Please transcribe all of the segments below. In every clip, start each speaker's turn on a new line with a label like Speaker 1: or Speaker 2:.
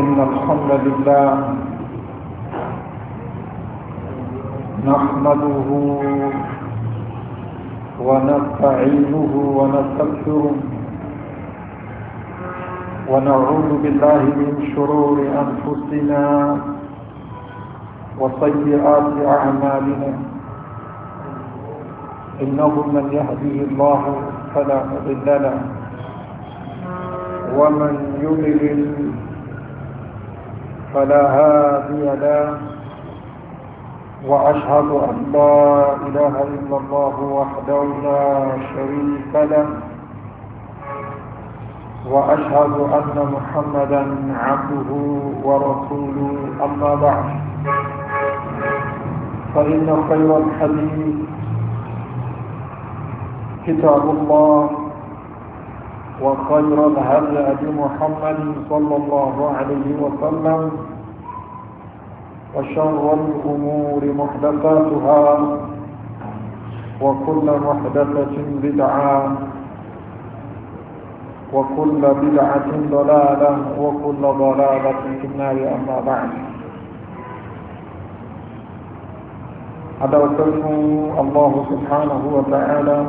Speaker 1: إن الحمد لله نحمده ونستعينه ونستغفره ونعوذ بالله من شرور أنفسنا وسيئات أعمالنا إنه من يهديه الله فلا مضل له ومن يضلل فلا هادي له وأشهد أن لا إله إلا الله وحده لا شريك له وأشهد أن محمدا عبده ورسوله أما بعد فإن خير الحديث كتاب الله وخير الهدي هدي محمد صلى الله عليه وسلم وشر الأمور محدثاتها وكل محدثة بدعة وكل بدعة ضلالة وكل ضلالة في النار أما بعد هذا الله سبحانه وتعالى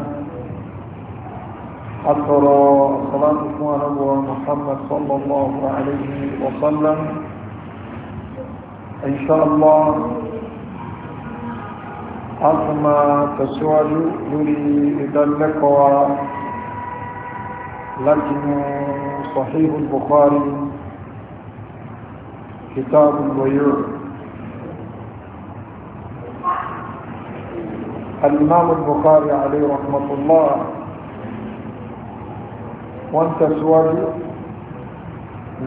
Speaker 1: أترى صلاة إخوان أبو محمد صلى الله عليه وسلم إن شاء الله أثم تسؤال يري إدلك لكن صحيح البخاري كتاب الغيور الإمام البخاري عليه رحمة الله wọ́n tẹ̀síwájú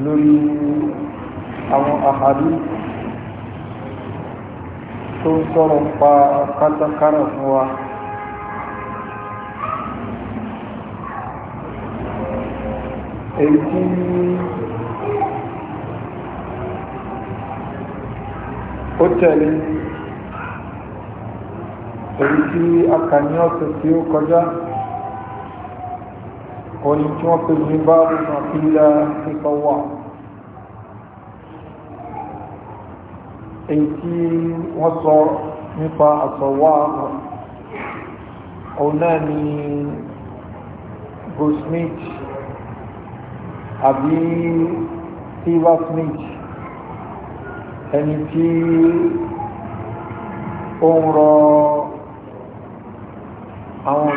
Speaker 1: lórí àwọn àhàdí tó ń sọ̀rọ̀ pa kátàkárà fún wa èyí tí ó tẹ̀lé èyí tí a kà ní ọ̀sẹ̀ tí ó kọjá òun ni tí wọ́n pè ní báàbù náà fi la nípa wà èyí tí wọ́n sọ nípa àsọ̀wà òun náà ni bruce smith àbí silver smith ẹni tí ó ń rọ àwọn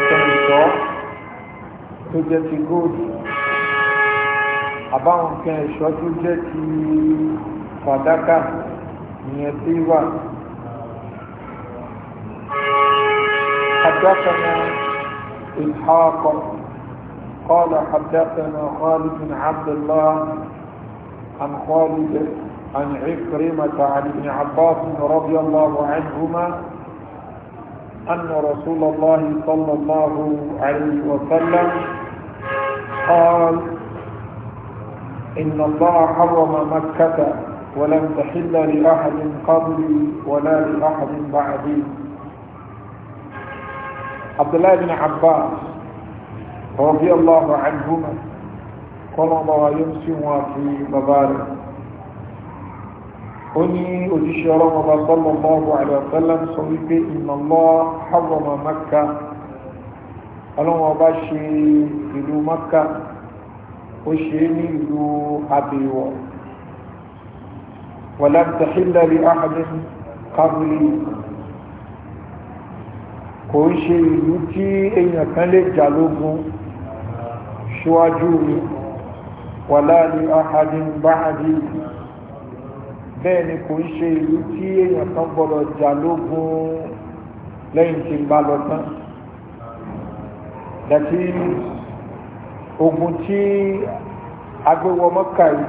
Speaker 1: tó jẹ́ ti góòdù àbáwọn nǹkan ẹ̀ṣọ́ tó jẹ́ ti fàdákà ìyẹn tí wà حدثنا إسحاق قال حدثنا خالد بن عبد الله عن خالد عن عكرمة عن ابن عباس رضي الله عنهما أن رسول الله صلى الله عليه وسلم قال إن الله حرم مكة ولم تحل لأحد قبلي ولا لأحد بعدي عبد الله بن عباس رضي الله عنهما قال الله يمسي في مبارك أني أجيش رمضان صلى الله عليه وسلم صليت إن الله حرم مكة ọlọ́wọ́n ọba ṣe ìlú maka ó ṣe ní ìlú abẹ́wọ̀ wàlá tàhílàrí ahmed kábílì kò ń ṣe ìlú tí èèyàn kan lè jà lógún ṣíwájú mi wàlá ní ahmed báhadì bẹ́ẹ̀ ni kò ń ṣe ìlú tí èèyàn kan gbọ́dọ̀ jà lógún lẹ́yìn tí ń bá lọ tán dàtí ogun tí agbéwọ mọ́kà yìí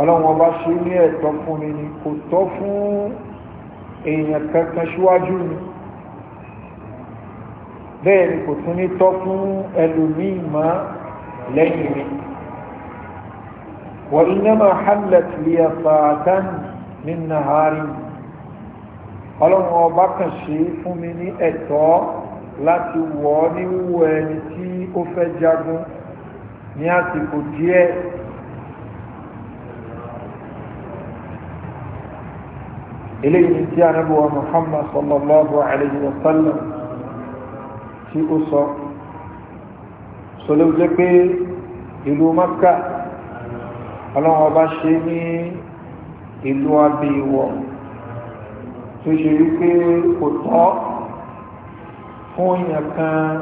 Speaker 1: ọlọ́run ọba ṣe ní ẹ̀tọ́ fún mi ni kò tọ́ fún èèyàn kankan síwájú mi bẹ́ẹ̀ ni kò tún ní tọ́ fún ẹlòmíì mọ́ lẹ́yìn mi wọ́n iná máa hamlet lè fàátán nínú àárín ọlọ́run ọba kàn ṣe fún mi ní ẹ̀tọ́ láti wọ̀ ọ́ ní wíwọ ẹni tí ó fẹ́ jagun ní àsìkò díẹ̀ eléyìí tí ànábì wa Muhammad sallallahu alayhi wa sallam tí ó sọ sọlọ́ jẹ́ pé ìlú Makka ọlọ́run ọba ṣe ní ìlú abẹ́ tó ṣe wípé kò tọ́ fún èèyàn kan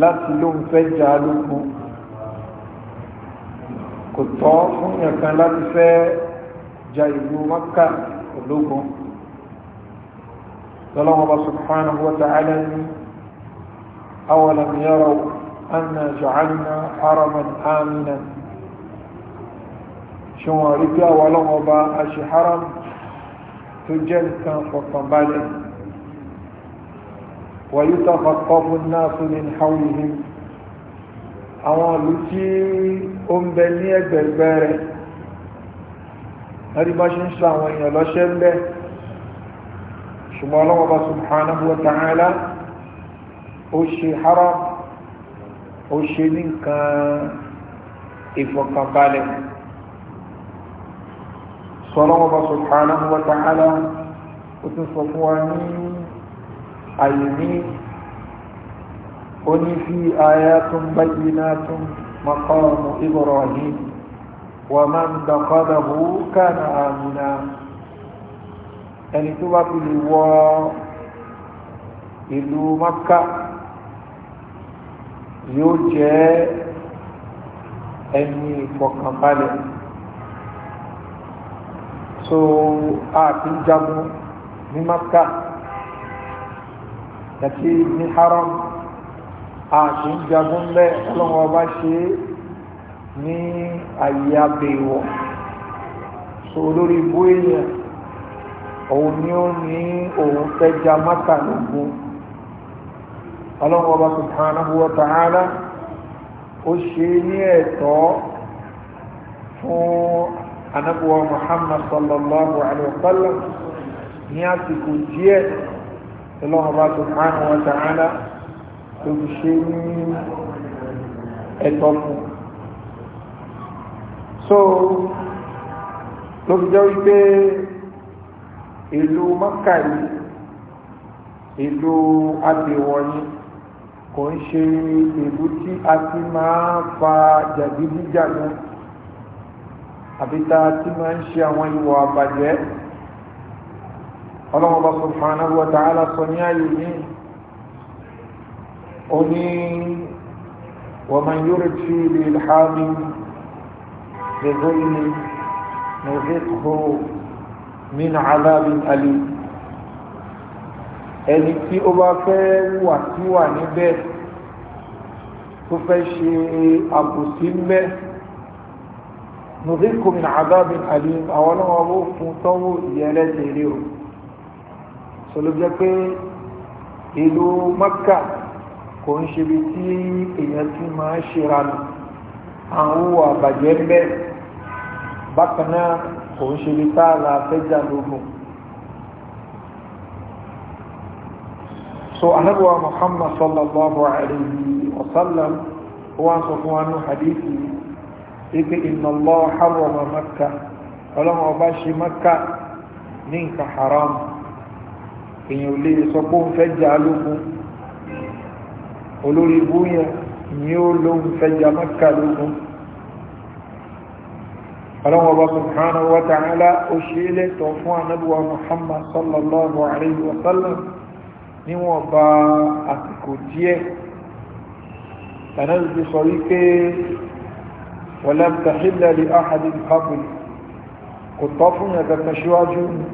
Speaker 1: láti ló ń fẹ́ jà lógun kò tọ́ fún èèyàn kan láti fẹ́ jà ìlú maka ológun lọ́lọ́wọ́ bá subhanahu wa ta'ala ni awalam anna ja'alna haraman aminan ṣe rí bí àwọn ọlọ́wọ́ bá a ṣe haram tó jẹ́ nǹkan fọ̀kànbalẹ̀ ويتفقف الناس من حولهم àwọn ìlú tí ó ń bẹ ní ẹgbẹ̀gbẹ̀ rẹ̀ lórí bá ṣe ń sọ àwọn èèyàn lọ́ṣẹ́ ń bẹ́ ṣùgbọ́n ọlọ́wọ́ bá subhanahu ó ṣe haram ó ṣe ní nǹkan ìfọkànbalẹ̀ sọ ọlọ́wọ́ bá àyèmí onífi ayatun bayyinatun maqamu ibrahim wa man dakhalahu kana amina ẹni tó bá fi lè wọ ìlú maka yóò jẹ́ ẹni ìfọkànbalẹ̀ so a ti jagun ní maka àti ní haram àti ń jagun lẹ́ ọlọ́wọ́ ọba ṣe ní ayé abẹ́wọ̀ so olórí ibú èèyàn òun ni ó ní òun fẹ́ ja mọ́ta lógún ọlọ́wọ́ ọba subhanahu wa ta'ala ó ṣe ní ẹ̀tọ́ fún anabuwa muhammad sallallahu alaihi wa sallam ní àsìkò díẹ̀ ọlọ́run bá subhanahu wa ta'ala tó fi ṣe ní ẹ̀tọ́ fún so ló fi jẹ́ wípé ìlú Mọ́kà yìí ìlú abèwọ̀nyí kò ń ṣe ìlú tí a ti máa fa jàgídíjàgan àbí tá a ti máa ń ṣe àwọn ìwà àbàjẹ́ ọlọ́mọba subhanahu wa ta'ala sọ ní ayé ní ó ní wa man yurid fi ilhamin bi dhulmin nuzikhu min adhabin alim ẹni tí ó bá fẹ́ wà tí wà níbẹ̀ tó fẹ́ ṣe àbòsí mẹ́ nuzikhu min adhabin àwọn ọlọ́mọba fún tọ́wọ́ ìyẹlẹ́tẹ̀ẹ́rẹ́ o sọ ló jẹ́ pé ìlú Mẹ́kà kò ń ṣe bí tí èèyàn ti máa ṣe ranù àwọn owó àbàjẹ́ ń bẹ bákan náà kò ń ṣe bí tá a la fẹ́ jà lógun so anabuwa Muhammad sallallahu alayhi wa sallam wọ́n sọ fún wa ní hadithi ibi inna harrama Mẹ́kà ọlọ́run ọba ṣe Mẹ́kà ní nǹkan haram èyàn ò lè sọ pé òun fẹ́ jà lógún olórí ibú yẹn ni ó lóun fẹ́ jà mọ́kà lógún ọlọ́wọ́ bá subhanahu wa ta'ala ó ṣe é lẹ́tọ̀ fún anábíwá muhammad sallallahu alayhi wa sallam níwọ̀n bá àsìkò díẹ̀ tànáàbí sọ wípé wọ́n lẹ́mtàhílẹ̀ lè áhàdì kábùlì kò tọ́ fún ẹ̀kẹ́kẹ́ síwájú ni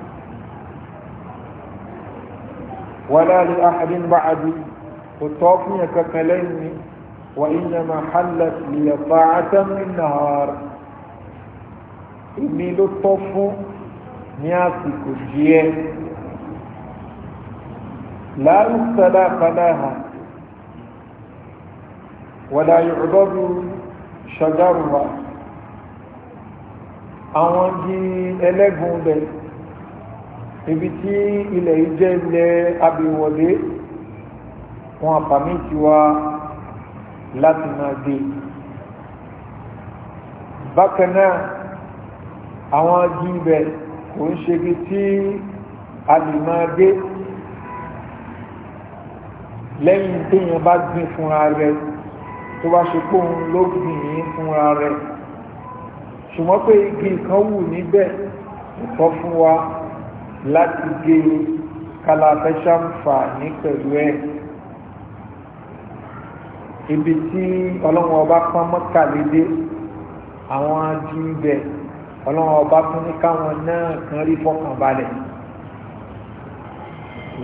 Speaker 1: ولا لأحد بعدي وطوفني ككلمي وإنما حلت لي طاعة من نهار إني لطف نياسك الجيه لا يستلاف لها ولا يعضد شجرها أوانجي إليه بيت ibi tí ilẹ̀ yìí jẹ́ ilẹ̀ abìwọ̀dé wọn àfàmì ti wá láti máa gbé bákan náà àwọn agi ibẹ̀ kò ń ṣe bí tí a lè máa gbé lẹ́yìn téèyàn bá gbìn fúnra rẹ̀ tó bá ṣe pé òun ló gbìn yín fúnra rẹ̀ ṣùgbọ́n pé igi kan wù níbẹ̀ kọ́ fún wa láti gé kalafẹ́ṣàǹfà ní pẹ̀lú ẹ̀ ibi tí ọlọ́run ọba pọ́n mọ́kàlédé àwọn adi ibẹ̀ ọlọ́run ọba tún ní káwọn náà kan rí fọkànbalẹ̀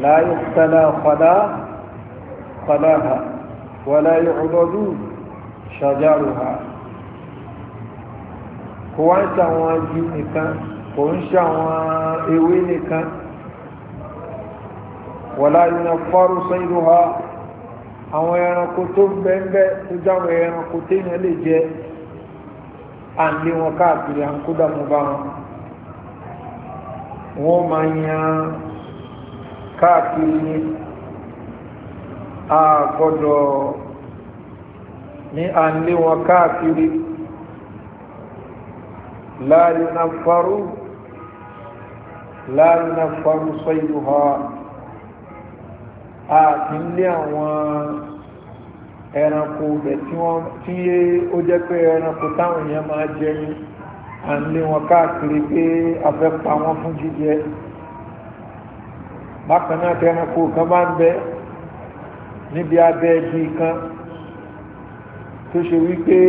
Speaker 1: láyé tẹ́lẹ̀ padà padà hà wọlé ọlọ́dún ṣàjárò hà kò wá ń sàwọn adi nìkan kò ń ṣe àwọn ewé nìkan wọ̀lá ìrìnà fọ́rù sẹ́yìnlú ha àwọn ẹranko tó ń bẹ́ẹ̀bẹ́ tó jáwọn ẹranko téèyàn lè jẹ à ń lé wọn káàkiri à ń kó dàmú bá wọn wọ́n máa yan káàkiri ni a ní à ń lé wọn káàkiri láàrin afárú láàrin afọ́rú sọ́yìnbó ha a kì í lé àwọn ẹranko bẹ̀ tí ó jẹ́ pé ẹranko táwọn èèyàn máa jẹ ní à ń lé wọn káàkiri pé a fẹ́ pa wọn fún jíjẹ bákan náà ẹranko kan bá ń bẹ níbi abẹ́ igi kan tó ṣe wípé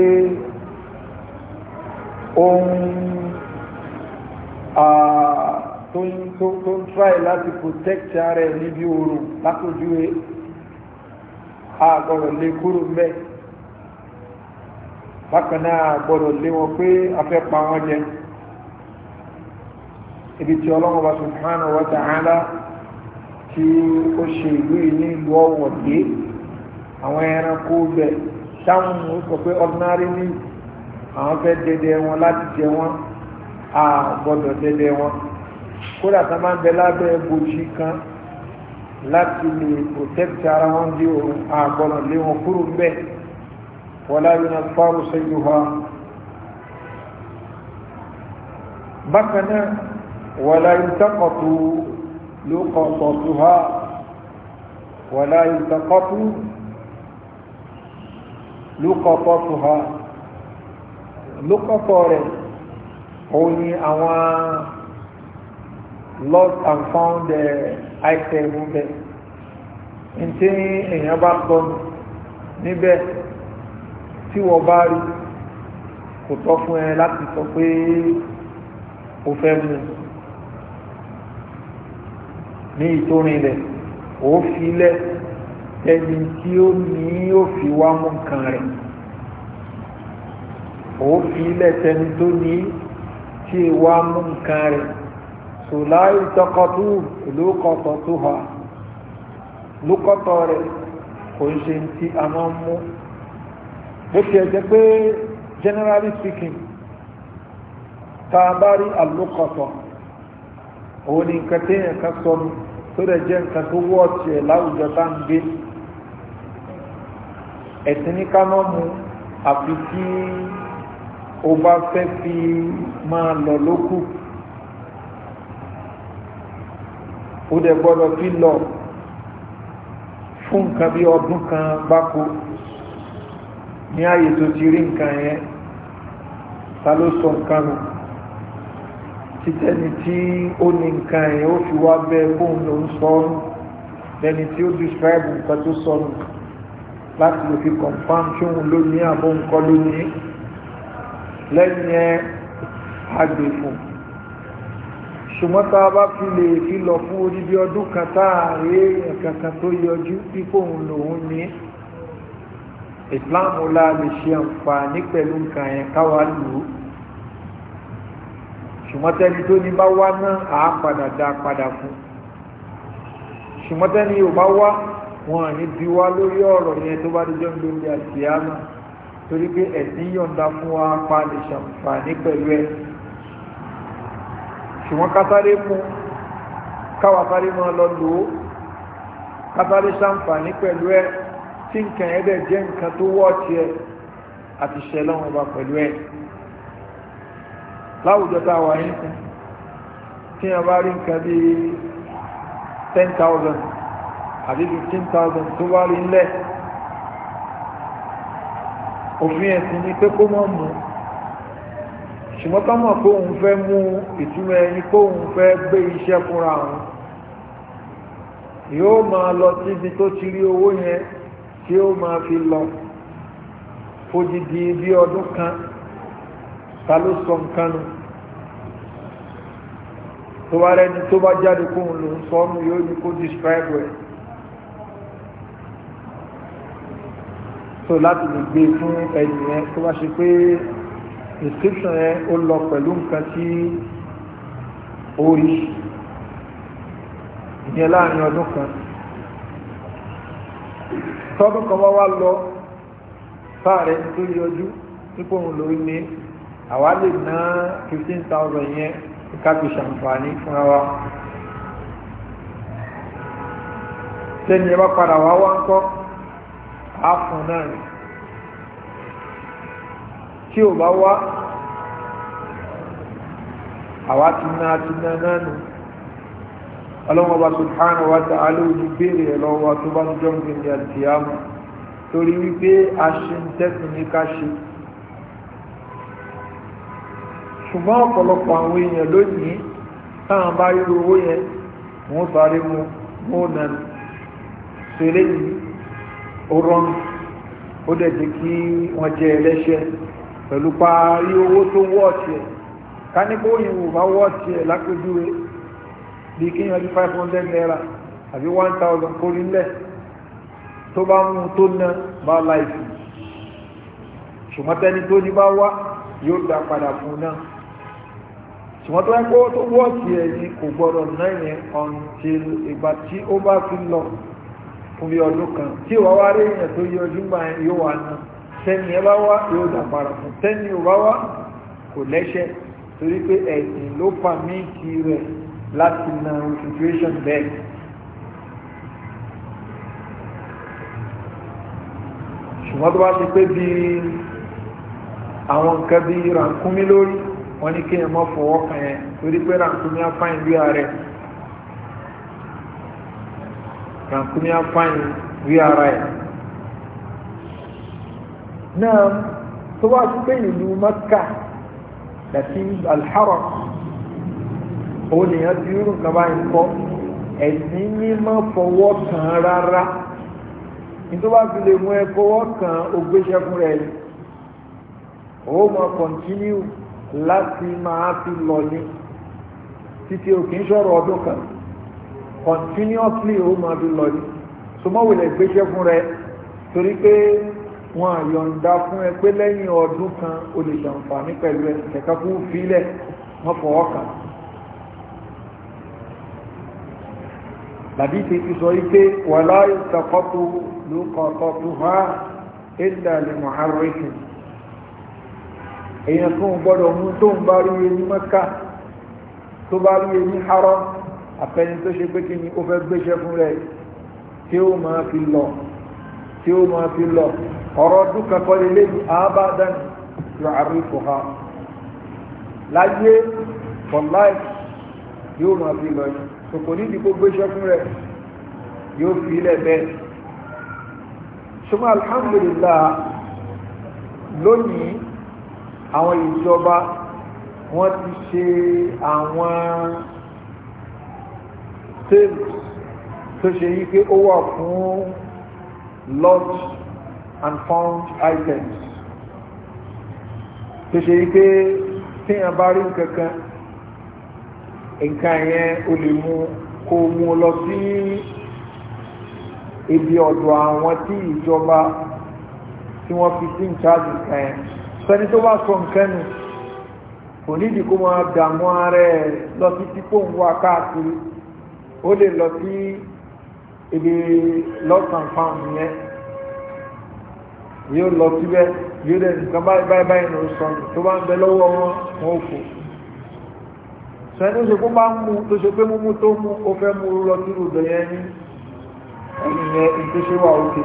Speaker 1: ohun tó ń tó tó ń try láti protect ara ẹ̀ níbi oòrùn lákòjúwe àgbọ̀rọ̀ lé kúrò mẹ́ bákan àgbọ̀rọ̀ lé wọn pé a wọ́n jẹ ibi tí ọlọ́run bá subhanahu wa ta'ala tí ó ṣe ìlú ìní ìlú ọ̀wọ̀ dé àwọn ẹranko bẹ̀ táwọn ò pé ordinary ni àwọn fẹ́ dẹdẹ wọn láti jẹ wọn àgbọ̀dọ̀ dẹdẹ wọn kódà tá máa ń bẹ lábẹ́ bòjì kan láti lè protect ara wọn bí òun àgbọ̀nà lé wọn kúrò ń bẹ̀ wọlá yìí na fárú sẹ́yìn ha bákan náà wọlá yìí takọ̀tù ló kọ̀tọ̀ tó ha wọlá yìí takọ̀tù ló kọ̀tọ̀ tó ha ló kọ̀tọ̀ rẹ̀ òun ni àwọn lost and found item bẹ ntí èèyàn bá sọ níbẹ̀ tí wọ́n bá rí kò tọ́ fún ẹ láti sọ pé o fẹ́ mú ní ìtórin rẹ̀ ó fi lẹ̀ ẹni tí ó ní ó fi wá mú nǹkan rẹ̀ ó fi lẹ̀ tẹni tó ní tí wá mú nǹkan rẹ̀ so láì tọkọtú lókọtọ tó ha lókọtọ rẹ̀ kò ń ṣe ti a máa ń mú bó tiẹ̀ jẹ́ pé generally speaking tá a bá rí àlókọtọ òun ni nǹkan téèyàn kan sọnù tó dẹ̀ jẹ́ nǹkan tó wọ́ tiẹ̀ láwùjọ tá ń gbé ẹ̀sìn ní ká máa mú àfi tí o bá fẹ́ fi máa lọ lókù. ó dẹ̀ gbọ́dọ̀ fi lọ fún nǹkan bí ọdún kan gbáko ní ààyè tó ti rí nǹkan yẹn ta ló sọ nǹkan nù títẹ́ni tí ó ní nǹkan yẹn ó fi wá bẹ́ẹ̀ bóun ló ń sọ ọ́nù tí ó describe nǹkan tó sọ láti lè fi confam tí òun ló ní àbọ̀ nǹkan ló ní lẹ́yìn yẹn á fún un ṣùgbọ́n tá a bá fi lè fi lọ fún odidi ọdún kan táàrí ẹ̀kankan tó yọjú pípò òun lòun ní islam ọlá lè ṣe àǹfààní pẹ̀lú nǹkan yẹn káwa lù ú ṣùgbọ́n tẹ́ni tó ní bá wá náà àá padà dá padà fún ṣùgbọ́n tẹ́ni yóò bá wá wọn ní bí wá lórí ọ̀rọ̀ yẹn tó bá dijọ́ lórí àṣìyá náà torí pé ẹ̀sìn yọ̀ǹda fún wa pa lè ṣàǹfààní pẹ̀lú ẹ̀sìn ṣùgbọ́n kátàrí mú káwàtàrí máa lọ lò ó kátàrí ṣàǹfààní pẹ̀lú ẹ tí nǹkan ẹ̀dẹ̀ jẹ́ nǹkan tó wọ́ọ̀tì ẹ àti ṣẹlẹ̀ wọn bá pẹ̀lú ẹ láwùjọ tá a wà yín fún tí wọn bá rí nǹkan bíi ten thousand àbí fifteen thousand tó bá rí ńlẹ̀ òfin ẹ̀sìn ni pé kó mọ̀ mú ṣùgbọ́n ká mọ̀ pé òun fẹ́ mú ìtumọ̀ ẹni pé òun fẹ́ gbé iṣẹ́ fúnra òun yóò máa lọ síbi tó ti rí owó yẹn tí ó máa fi lọ fojìdí bí ọdún kan ta ló sọ nǹkan nu tó bá rẹni tó bá jáde kóhun ló ń sọ ọ́nù yóò ní kó describe ẹ̀ so láti lè gbé fún ẹnìyẹn tó bá ṣe pé description yẹn ó lọ pẹ̀lú nǹkan tí ó rí ìyẹn láàrin ọdún kan tọ́dún kan wá wá lọ fáàrẹ̀ tó yọjú nípò òun lórí ní àwa lè ná fifteen thousand yẹn ká fi ṣàǹfààní fúnra wa tẹ́ni ẹ bá padà wá wá ń kọ́ á fún náà tí ò bá wá àwa ti ná ti ná náà nù ọlọ́wọ́n bá subhanahu wa ta'ala ojú béèrè ẹ̀ lọ́wọ́ tó bá ń jọ́ gbèndé àti àmọ́ torí wípé a ṣe ń tẹ́sùn ní ká ṣùgbọ́n ọ̀pọ̀lọpọ̀ àwọn èèyàn lónìí táwọn bá rí owó yẹn wọ́n sáré mu wọ́n nà ní yìí ó rọrùn ó dẹ̀ jẹ́ kí wọ́n jẹ ẹlẹ́ṣẹ̀ pẹ̀lú parí owó tó wọ́ọ̀tì ẹ̀ ká ní bó yìí wò bá wọ́ọ̀tì ẹ̀ lápéjúwe bí kí yẹn ní five hundred naira àbí one thousand kórí ńlẹ̀ tó bá mú tó ná bá láìsí ṣùgbọ́n tẹ́ni tó ní bá wá yóò dá padà fún náà ṣùgbọ́n tó ẹkọ́ tó wọ́ọ̀tì ẹ̀ ní kò gbọ́dọ̀ náà yẹn until ìgbà tí ó bá fi lọ fún bí ọdún kan tí ìwà wá rí èèyàn tó yọjú gbà yóò wá náà tẹ́ni ẹ bá wá yóò dà padà fún tẹ́ni ò bá wá kò lẹ́ṣẹ̀ torí pé ẹ̀sìn ló pa mí kí rẹ̀ láti na situation bẹ́ẹ̀. ṣùgbọ́n tó bá ti pé bí àwọn nǹkan bí rànkúmí lórí wọ́n ní kéèyàn mọ́ fọwọ́ kan yẹn torí pé rànkúmí afáyín bí ààrẹ rànkúmí afáyín bí ara ẹ̀ náà tó wá sí pé ìlú mẹ́kà àti alḥaram òun nìyẹn ti rú nǹkan báyìí kọ́ ẹ̀sìn mímọ́ fọwọ́ kàn rárá nítorí wá fi lè mú ẹ fọwọ́ kàn ògbéṣẹ́ fún rẹ̀ yìí ó mọ kọ̀ntínú láti máa fi lọ ní títí òkè ń ṣọ̀rọ̀ ọdún kan continuously ó máa fi lọ ní so mọ́ wulẹ̀ gbéṣẹ́ fún rẹ torí pé wọn àyọ̀ǹda fún ẹ pé lẹ́yìn ọdún kan o lè ṣàǹfààní pẹ̀lú ẹ kẹ̀kẹ́ kú fílẹ̀ wọ́n fọwọ́ kàn. tàbí ti ti sọ wípé wà láyé sàkọ́tù ló ha ẹ̀dà lè mọ̀ àrẹ́kì tó ń gbọ́dọ̀ mú tó ń bá rí ẹni mẹ́ka tó bá rí ẹni harọ́ àfẹni tó ṣe pé kí ni ó fẹ́ gbéṣẹ́ fún rẹ̀ tí ó máa fi lọ tí ó máa fi lọ ọ̀rọ̀ dúkà kọ́lé léyìí abadan yóò àríkò ha láyé for life yóò máa fi lọ yìí kòkò ní ìdìbò gbéṣẹ́ fún rẹ̀ yóò fi ilẹ̀ bẹ́ẹ̀ ṣùgbọ́n alhamdulillah lónìí àwọn ìjọba wọ́n ti ṣe àwọn tèèlù tó ṣe yí pé ó wà fún lost and found items tó ṣe wípé téèyàn bá rí nǹkan kan nǹkan yẹn o lè mú kó mú lọ sí ibi ọ̀dọ̀ àwọn tí ìjọba tí wọ́n fi sí ìjáde nǹkan yẹn sẹ́ni tó bá sọ nǹkan nù kò nídìí kó máa dààmú ara ẹ̀ lọ sí tí kò ń wá káàkiri ó lè lọ sí ibi lost and found yẹn yóò lọ síbẹ̀ yóò dẹ̀ nǹkan báyìí báyìí ló sọ tó bá ń bẹ lọ́wọ́ wọn wọn ò fò sẹ́ni ó ṣe kó bá ń mú tó ṣe pé múmú tó mú ó fẹ́ mú lọ sírù dọ̀yẹ́ ní ẹ̀yìn yẹn tó ṣe wà òkè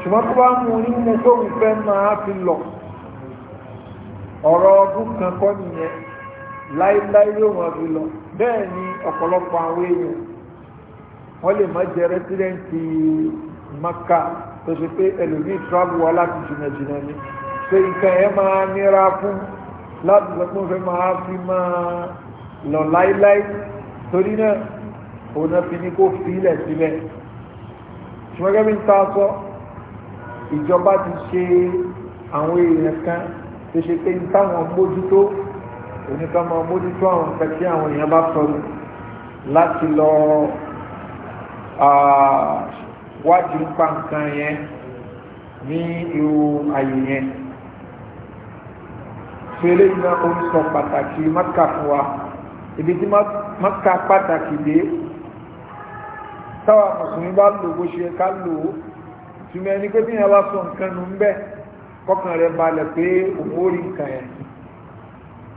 Speaker 1: ṣùgbọ́n tó bá mú ní mú tó ń fẹ́ máa fi lọ ọ̀rọ̀ ọdún kan kọ́ nìyẹn láíláí yóò máa fi lọ bẹ́ẹ̀ ni ọ̀pọ̀lọpọ̀ àwọn èèyàn wọ́n lè má jẹ́ rẹ́sídẹ́ǹtì maka tó ṣe pé ẹlòmíì travel wa láti jìnnà jìnnà ni pé nǹkan ẹ̀ máa nira fún láti sọ pé wọ́n fẹ́ máa fi máa lọ láíláí torí náà òun náà fi ní kó fi ilẹ̀ sílẹ̀ ṣùgbọ́n gẹ́gẹ́ bí ń ta sọ ìjọba ti ṣe àwọn èèyàn kan tó ṣe pé táwọn mójútó oníkan máa mójútó àwọn nǹkan tí àwọn èèyàn bá sọ̀rọ̀ láti lọ wádìí ń pa nǹkan yẹn ní irú àyè yẹn fèrè iná ó ń sọ pàtàkì mọ́kà fún wa ibi tí mọ́kà pàtàkì dé táwa mùsùlùmí bá lò bó ṣe ká lò ó túmọ̀ ẹni pé bí bá sọ nǹkan nù ń bẹ̀ kọ́kàn rẹ̀ balẹ̀ pé òun ó rí nǹkan yẹn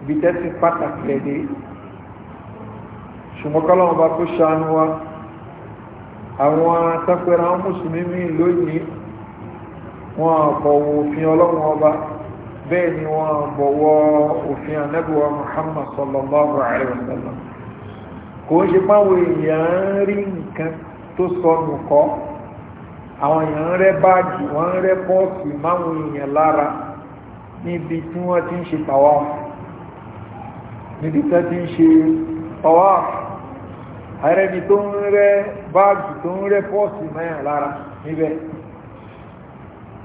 Speaker 1: ibi tẹ́sí pàtàkì ẹ̀ dé ṣùgbọ́n kọ́lọ́mù bá tó ṣàánú wa àwọn atọ́pẹ́ra mùsùlùmí mi lónìí wọn àbọ̀wọ̀ òfin ọlọ́run ọba bẹ́ẹ̀ ni wọn àbọ̀wọ̀ òfin anábìwá muhammad sallallahu alayhi wa sallam kò ń ṣe páwọn èèyàn rí nǹkan tó sọnù kọ́ àwọn èèyàn ń rẹ́ báàgì wọ́n ń rẹ́ bọ́ọ̀sì máwọn èèyàn lára níbi tí wọ́n ti ń ṣe tàwa níbi tí wọ́n ti ń ṣe tàwa ààrẹ tó ń rẹ́ báàgì tó ń rẹ́ pọ́ọ̀sì mẹ́rin lára níbẹ̀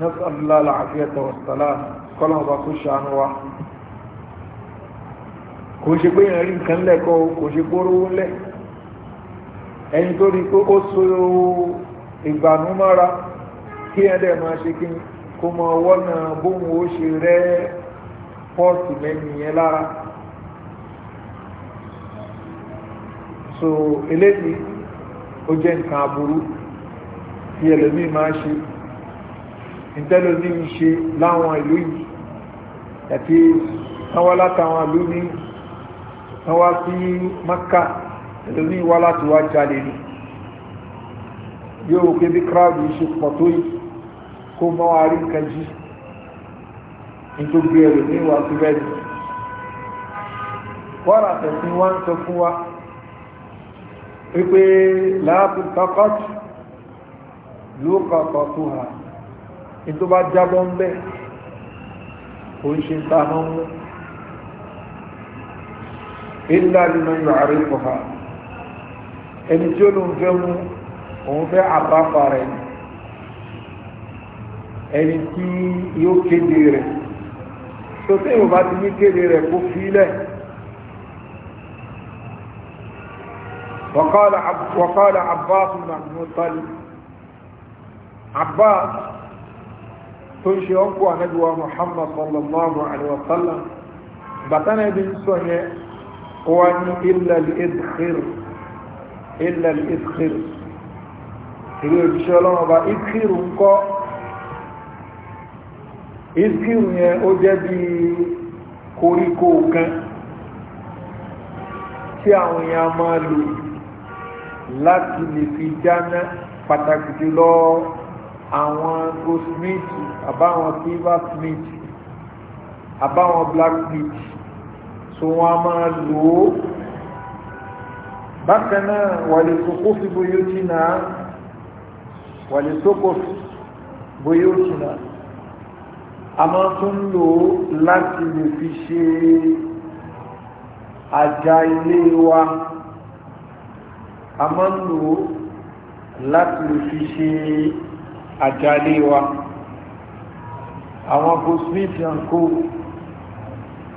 Speaker 1: nasalala alafiyata wasalam kọlọ̀ ọba kó ṣàánú wa kò ṣe pé ìrìn rí nǹkan lẹ́kọ́ kò ṣe gbórówó lẹ́ ẹni tó rí pé ó so ìgbànú mọ́ra kí ẹ dẹ̀ máa ṣe kí kó mọ ọwọ́ náà bóun ó ṣe rẹ́ pọ́ọ̀sì mẹ́rin yẹn lára so eléyìí ó jẹ́ nǹkan aburú tí ẹlòmíì máa ṣe ìtẹ́lòmíì ṣe láwọn ìlú yìí àti tánwá látàwọn ìlú ní tánwá sí maka ẹlòmíì wá láti wá jalè ní yóò kébí crowd yìí ṣe pọ̀ tó yìí kó mọ́ àrí nǹkan nítorí ẹlòmíì wá sí bẹ́ẹ̀ wọ́n rà tẹ̀sí wá ń sọ fún wa wípé láàpùn takọ́tù ló kọ̀ọ̀kọ̀ tó ha ní tó bá jábọ́ ń bẹ́ kò ń ṣe ta mọ́ mú ilá nínú yóò àrí kọ̀ ha ẹni tí ó ló ń fẹ́ mú òun fẹ́ àbáfà rẹ̀ ẹni tí yóò kéde rẹ̀ tó tí bá ti ní kéde rẹ̀ kó fílẹ̀ وقال عب وقال عباس بن عبد المطلب عباس تنشي أنكو ندوى محمد صلى الله عليه وسلم بطنة بن سنة قواني إلا الإدخر إلا الإدخر ìlú òjíṣẹ́ ọlọ́run ọba ìkírù ń kọ́ ìkírù yẹn ó jẹ́ bí koríko láti lè fi dáná pàtàkì jùlọ àwọn goldsmith àbáwọn silversmith àbáwọn blacksmith so wọn a máa lò ó bákan náà wàlè sókó fi bóyó jìnnà wàlè sókó fi bóyó jìnnà a máa tún lò ó láti lè fi ṣe àjà ilé wa a máa ń lò ó láti fi ṣe àjálé wa àwọn go smith and co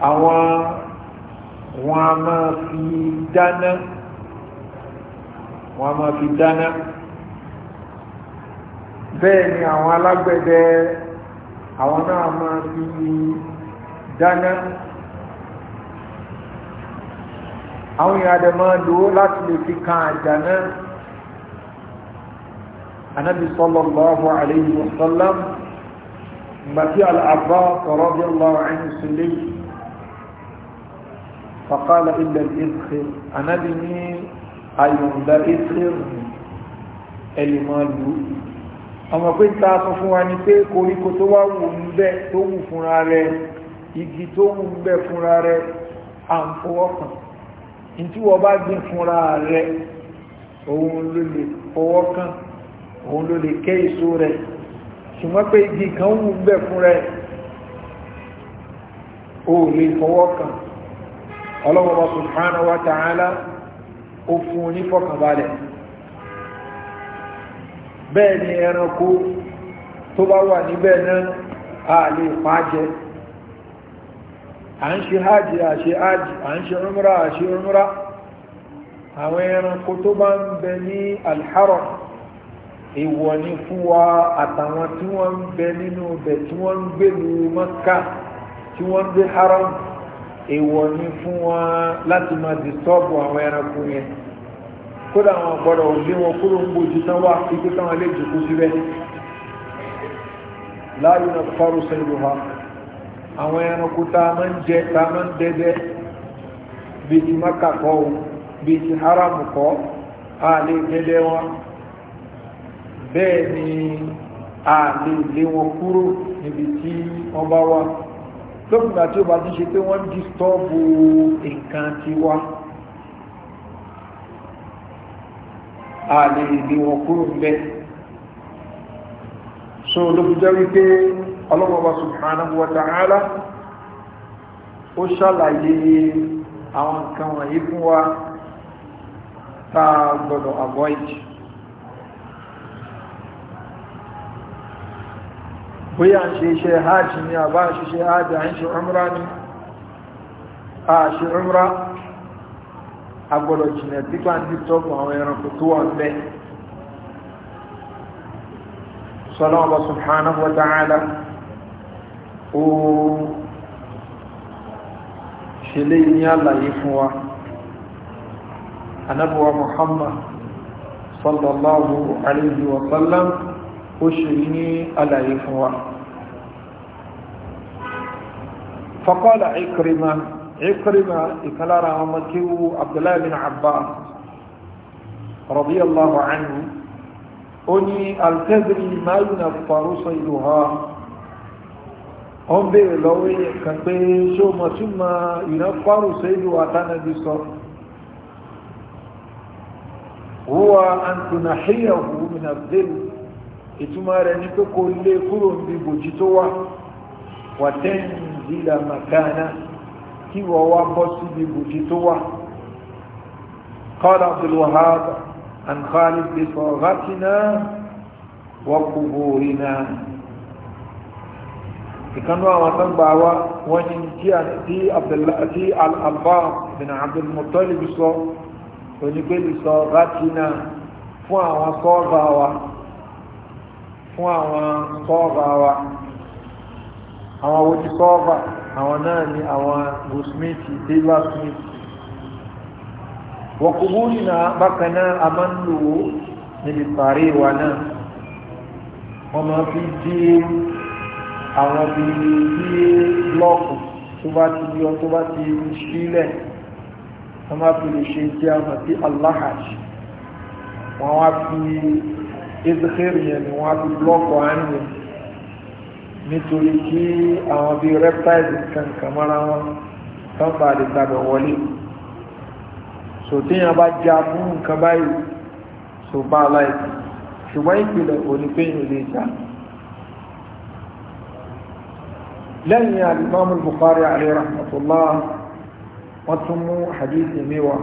Speaker 1: àwọn wọn a máa fi dáná wọn a máa fi dáná bẹ́ẹ̀ ni àwọn alágbẹ̀dẹ àwọn náà máa fi dáná àwọn èèyàn àdẹ̀mọ́ lò ó láti lè fi kan àjà náà anábì sallallahu alayhi wa sallam gbàtí àlàbá radiyallahu anhu sílé faqala illa al-idkhir anábì ní ayọ̀ǹda ìdkhir ẹlùmọ́ lù ú ọmọ pé ta sọ fún wa ni pé koríko tó wá wù ń bẹ́ tó wù fúnra rẹ̀ igi tó wù ń bẹ́ fúnra rẹ̀ à ń fọwọ́ kàn ntí wọ́n bá gbin fúnra rẹ̀ òun ló lè fọwọ́ kàn òun ló lè kẹ́ èso rẹ̀ ṣùgbọ́n pé igi kan wù ń bẹ̀ fún rẹ̀ o lè fọwọ́ kàn ọlọ́wọ́wọ́ subhanahu wa ta'ala ó fún un ní fọkànbalẹ̀ bẹ́ẹ̀ ni ẹranko tó bá wà níbẹ̀ náà a lè pàá à ń ṣe hajj àṣe hajj à ń ṣe umra àṣe umra àwọn ẹranko tó bá ń bẹ ní alharam ìwọ̀ ni fún wa àtàwọn tí wọ́n ń bẹ nínú ibẹ̀ tí wọ́n ń gbé lu mọ́ká tí wọ́n ń gbé haram ìwọ̀ ni fún wa láti máa dìstọ́bù àwọn ẹranko yẹn kódà àwọn gbọ́dọ̀ òbí wọn kúrò ń bójú tán wá ikú táwọn lè jùkú síbẹ̀ láàrin náà fárúsẹ́ ìlú ha àwọn ẹranko tá a máa ń jẹ tá a máa ń dẹ́dẹ́ bíi ti maka kọ́ o bíi ti haram kọ́ a lè dẹ́dẹ́ wọn bẹ́ẹ̀ ni a lè lé wọn kúrò níbi tí wọ́n bá wà lókùnrin àti ọba ti ṣe pé wọ́n dìstọ́bù nǹkan ti wá a lè lé wọn kúrò bẹ́ẹ̀ so ló wípé ọlọ́mọba subhanahu wa ta'ala ó ṣàlàyé àwọn nǹkan wọ̀nyí fún wa tá a gbọ́dọ̀ avoid bóyá ń ṣe iṣẹ́ hajj ni àbá ń ṣiṣẹ́ hajj à ń ṣe umra ni a ṣe umra a gbọ́dọ̀ jìnà pípa ní tọ́pù àwọn ẹranko tó wà bẹ́ẹ̀ sọlọ́mọba subhanahu wa ta'ala ó ṣe lé ní àlàyé fún wa anábọ̀wà muhammad sallallahu alayhi wa sallam ó ṣe ní àlàyé fún wa faqala ikrima ikrima ìkalára ọmọ kíwú abdullahi bin abbas radiyallahu anhu ó ní altadri ma yunaffaru sayduha wọ́n bèèrè lọ́wọ́ èèyàn kan pé ṣó mọ̀ tí ma ìran kọ́rù sẹ́lú àtànàbí sọ wúwa àǹtùnà híyà òmìnà bèèrè ìtumọ̀ rẹ̀ ní pé kò lè kúrò ní ibòjì tó wà wà tẹ́yìn màkánà kí wọ́n wá bọ́ síbi ibòjì tó wà قال عبد الوهاب عن خالد بصاغتنا وقبورنا ìkanú àwọn tó ń gbà wá wọ́n ní tí al-Abbas bin Abdul Muttalib sọ onígbèlì sọ ratina fún àwọn sọ́ọ̀bà wa fún àwọn sọ́ọ̀bà wa àwọn ojú sọ́ọ̀bà àwọn náà ni àwọn goldsmith taylor smith wọ̀kúbúrì náà bákan náà a máa ń lò ó níbi pàrí wa náà wọ́n máa fi dí àwọn bí bí blọọkù tó bá ti yọ tó bá ti sílẹ̀ wọ́n máa fi lè ṣe tí a mọ̀ sí aláhàj wọ́n wá fi ezekere yẹn ni wọ́n á fi blọọkù àárín yẹn nítorí kí àwọn bí reptiles kankan mọ́ra wọn tán bá lè gbàgbọ́ wọlé sòtíyàn bá já fún nǹkan báyìí sò bá aláìsí ṣùgbọ́n ìpìlẹ̀ òní pé èèyàn lè já lẹ́yìn alimami bukari alayhi rahmatulah wọ́n tún mú hadithi mi wá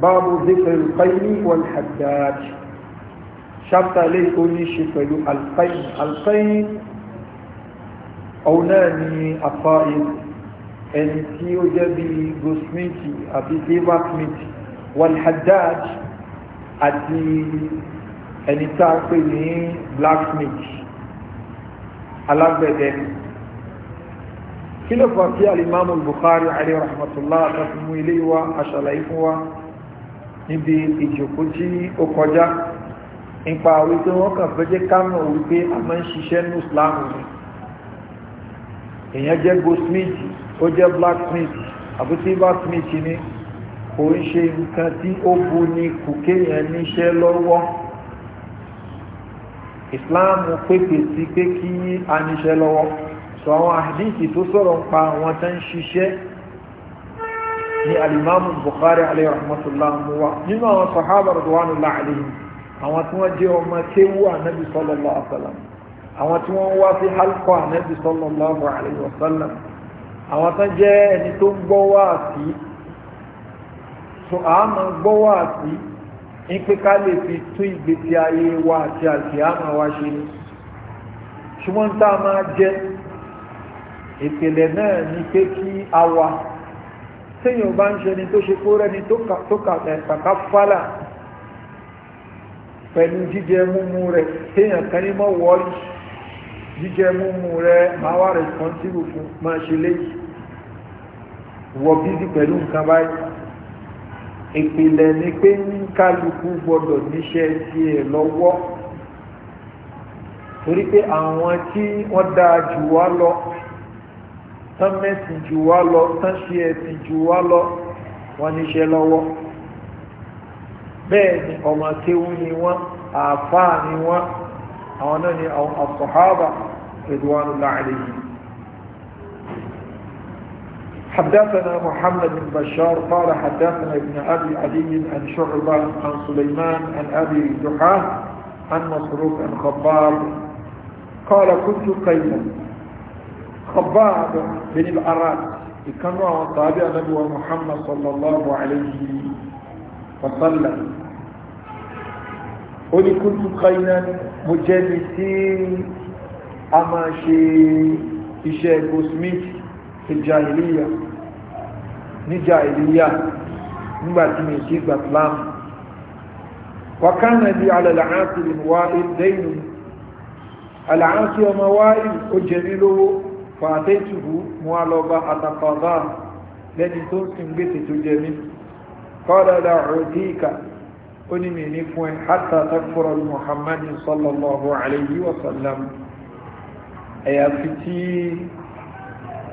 Speaker 1: báàbù zikri alqaini wal haddad ṣáfta lè tó ní ṣe pẹ̀lú alqaini alqaini ọ̀hún náà ni afa ẹni tí ó jẹ́ bí goldsmithi àti silver wal haddad àti ẹni tá pè ní blacksmith alágbẹ̀dẹ kí ló fà kí alimamu Bukhari alayhi rahmatullah àtàkùnmù ilé wa aṣàlàyé fún wa níbi ìjòkó tí ó kọjá nípa wípé wọ́n kàn fẹ́ jẹ́ kámọ̀ wípé a máa ń ṣiṣẹ́ ní Islam ni èèyàn jẹ́ goldsmith ó jẹ́ blacksmith àbí silversmith ni kò ń ṣe nǹkan tí ó bu ni kò kéèyàn níṣẹ́ lọ́wọ́ Islam pépè sí pé kí a níṣẹ́ lọ́wọ́ so àwọn àdíkì tó sọ̀rọ̀ ń pa àwọn tán ṣiṣẹ́ ni alimamu bukhari alayhi rahmatullah mu wa nínú àwọn sahaba radwanullahi alayhim àwọn tí wọ́n jẹ́ ọmọ kéwú ànábì sallallahu alaihi wasallam àwọn tí wọ́n wá sí halqa ànábì sallallahu alaihi wasallam àwọn tán jẹ́ ẹni tó ń gbọ́ pé ká lè fi tún ìgbésí ayé wa àti àti àmọ́ wa ṣe ni ṣùgbọ́n tá máa jẹ́ ìpìlẹ̀ náà ni pé kí a wà tíyàn bá ń ṣe ni tó ṣe kó rẹ́ni tó kàkà fálà pẹ̀lú jíjẹ múmú rẹ̀ tíyàn kan ní mọ́ wọ́rí jíjẹ múmú rẹ̀ máa wà responsible fún máa ṣe léyìí wọ bíbí pẹ̀lú nǹkan báyìí ìpìlẹ̀ ni pé ní kálukú gbọdọ̀ níṣẹ́ sí ẹ̀ lọ́wọ́ torí pé àwọn tí wọ́n dáa jù wá lọ tán mẹ́sìn jù wá lọ tán ṣe ẹ̀sìn jù wá lọ wọ́n níṣẹ́ lọ́wọ́ bẹ́ẹ̀ ni ọmọ kéwú ni wọ́n àáfàá ni wọ́n àwọn náà ni àwọn àṣọ̀hábà ridwanullahi alayhim حدثنا محمد بن بشار قال حدثنا ابن أبي علي عن شعبة عن سليمان عن أبي دحاه عن مسروق عن خباب قال كنت قيما al-khabbab bin al-arad ìkanu àwọn tàbí ànábì wa muhammad sallallahu alayhi wa sallam ó ní kuntu khayran mo jẹ́ mi tí a máa ṣe iṣẹ́ goldsmith ti jahiliya ní jahiliya nígbàtí mi sí gbàtlam وكان لي على العاصي بن وائل دين العاصي وموائل أجمله fàtẹ́tùbù mú a lọ bá àtàkọ̀ọ́bá lẹ́ni tó ń sin gbèsè tó jẹ mí kọ́dọ̀dà òdíkà ó ní mi ní fún ẹ hátà takfọ́rọ̀ muhammadin sallallahu alayhi wa sallam àyàfi tí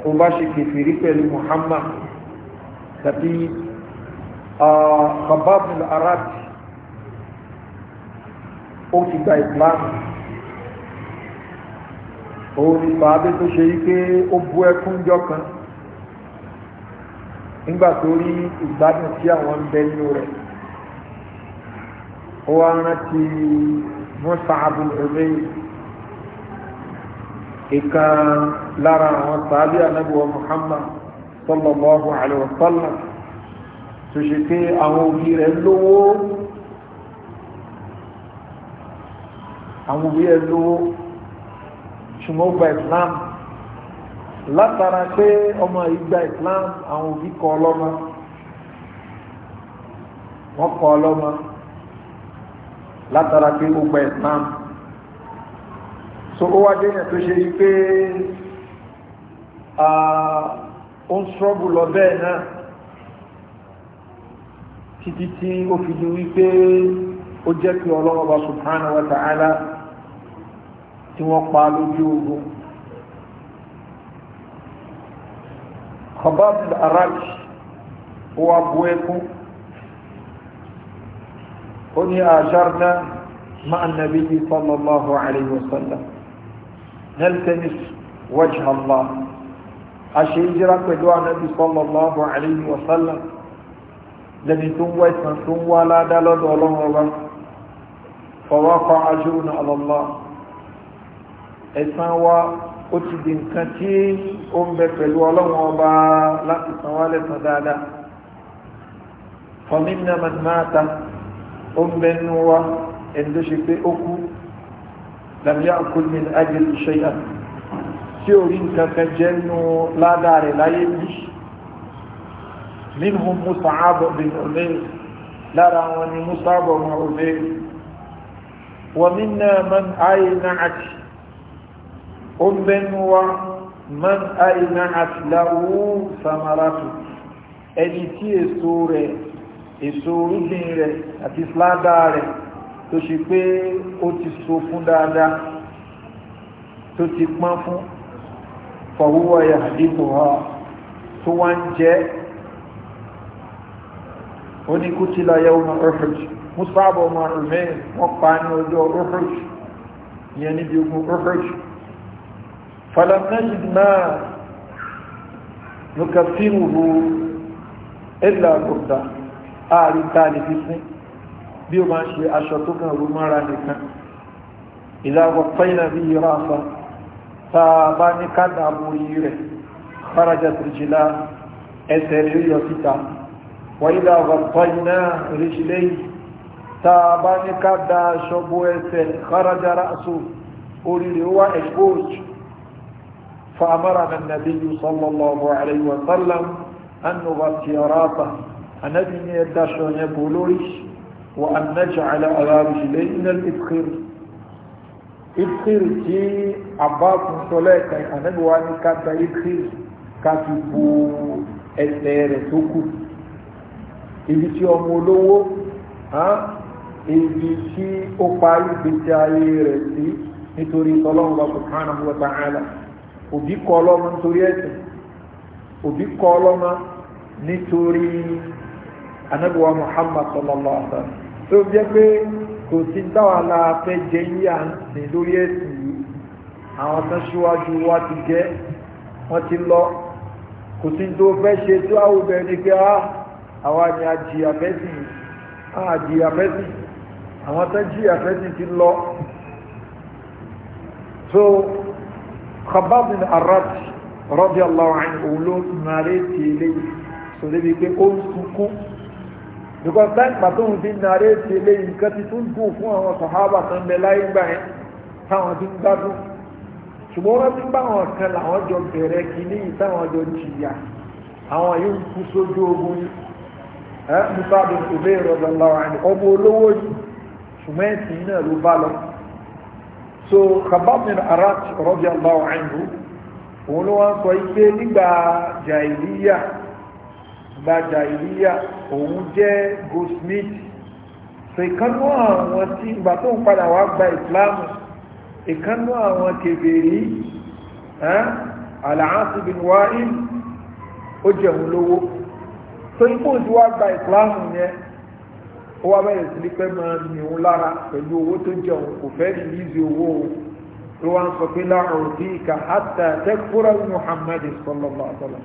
Speaker 1: ó bá ṣe kèfèrí pẹ̀lú muhammad tàbí òun ni fàábé tó ṣe yí pé ó bú ẹkún jọ kan nígbà tó rí ìgbádùn tí àwọn ń bẹ nínú rẹ̀ ó wá rántí wọ́n sàábù ẹ̀rẹ́ ìkan lára àwọn sàábì anábìwọ̀ Muhammad sallallahu alaihi wa tó ṣe pé àwọn òbí rẹ̀ lówó àwọn òbí rẹ̀ lówó ṣùgbọ́n ó gba islam látara pé ọmọ yìí gba islam àwọn òbí kọ ọlọ́mọ wọ́n kọ ọlọ́mọ látara pé ó gba islam so ó wá déyàn tó ṣe yí pé ó ń ṣọ́bù lọ bẹ́ẹ̀ náà títí tí ó fi di wípé ó jẹ́ kí ọlọ́mọba subhanahu wa ta'ala tí wọ́n pa lójú ogun khabab al-araj ó wá bú ẹkún ó ní àṣàrná máa nàbí sallallahu alayhi wa sallam neltenis wajh allah a ṣe ìjírá pẹ̀lú ànábì sallallahu alayhi wa sallam lẹni tó wá ìsàn tó wá ládá lọ́dọ̀ ọlọ́run ọba fọwọ́ fa ajúrùn alọ́lọ́run ẹ̀san wa ó ti di nǹkan tí ó ń bẹ pẹ̀lú ọlọ́run ọba láti san wá lẹ́san dáadáa fọmínà mọ̀tìmáàta ó ń bẹ nínú wa ẹni tó ṣe pé ó kú làmìyà ọkùnrin ní ajẹ́lú iṣẹ́ yá tí ò rí nǹkan kan jẹ́ nínú ládàá rẹ̀ láyé bí nínú musa ààbọ̀ bin omeir lára wọn ni musa ààbọ̀ bin omeir wọ̀mínà mọ̀tìmáàta ó mẹ́nu wa man àìná àtìláwó samaratu ẹni tí èso rẹ̀ èso orúgbìn rẹ̀ àti flada rẹ̀ tó ṣe pé ó ti so fún dáadáa tó ti pọ́n fún fọwọ́wọ́ ya àdínkù ha tó wá ń jẹ́ oníkútílá yawma Uhud Mus'ab ọmọ Umair wọ́n pa ní ọjọ́ Uhud yẹn níbi ogun Uhud فلم نجد ما نكفره إلا بردة آل تالي بسن بيوم أشي أشتك رمارا نكا إذا وقينا به راسا فاباني كان أموريره خرجت رجلا أسرية ستا وإذا غطينا رجلي تاباني كان شبوة خرج رأسه أولي هو exposed فأمرنا النبي صلى الله عليه وسلم أن نغطي راسه النبي يدشون يقولوش وأن نجعل على رجلينا الإبخير إبخير تي عباس سليك النبي وأن كانت إبخير كاتب ẹsẹ̀ rẹ̀ tó kù ibi tí ọmọ olówó ibi tí ó parí gbèsè ayé rẹ̀ òbí kọ ọlọ́mọ nítorí ẹ̀sìn òbí kọ ọlọ́mọ nítorí anábíwá muhammad sallallahu alaihi wa sallam tó jẹ́ pé kò sí dáwà la fẹ́ jẹ yí à ń sìn lórí ẹ̀sìn yìí àwọn tán síwájú wa ti jẹ́ wọ́n ti lọ kò sí tó fẹ́ ṣe tó àwòbẹ̀rẹ̀ ni pé ah, àwa ni àjìyà fẹ́sìn àjìyà fẹ́sìn àwọn tán jìyà fẹ́sìn ti lọ so Khabbab bin Arad radiyallahu anhu ló nàárẹ̀ tì léyìí sọ débi pé ó ń sunkún because time pàtó ń fi nàárẹ̀ tì léyìí nǹkan ti tún dùn fún àwọn sàhábà tó ń bẹ láyé gbà yẹn táwọn ti ń gbádùn ṣùgbọ́n wọ́n ti bá kan làwọn jọ bẹ̀rẹ̀ kìíní yìí táwọn jọ jìyà àwọn yìí ń kú sójú ogun yìí ẹ́ musa bin ubeyi radiyallahu anhu ọmọ olówó yìí ṣùgbọ́n ẹ̀sìn náà so khabab bin arat radiyallahu anhu òun ló wá ń sọ ipé nígbà jàìlíyà gba jàìlíyà òun jẹ́ goldsmith so ìkánú àwọn tí ìgbà tó ń padà wá gba ìsìláàmù ìkánú àwọn kèbèrè àlàáṣì bin ó jẹun lówó so ipò tí gba ìsìláàmù yẹn ó wá bẹ̀rẹ̀ sí pé máa ní òun lára pẹ̀lú owó tó jẹun kò fẹ́ ní ìzì owó ló wá ń sọ pé láàrùn sí ìka àtà tẹ́kúrà Muhammad sallallahu alaihi wasallam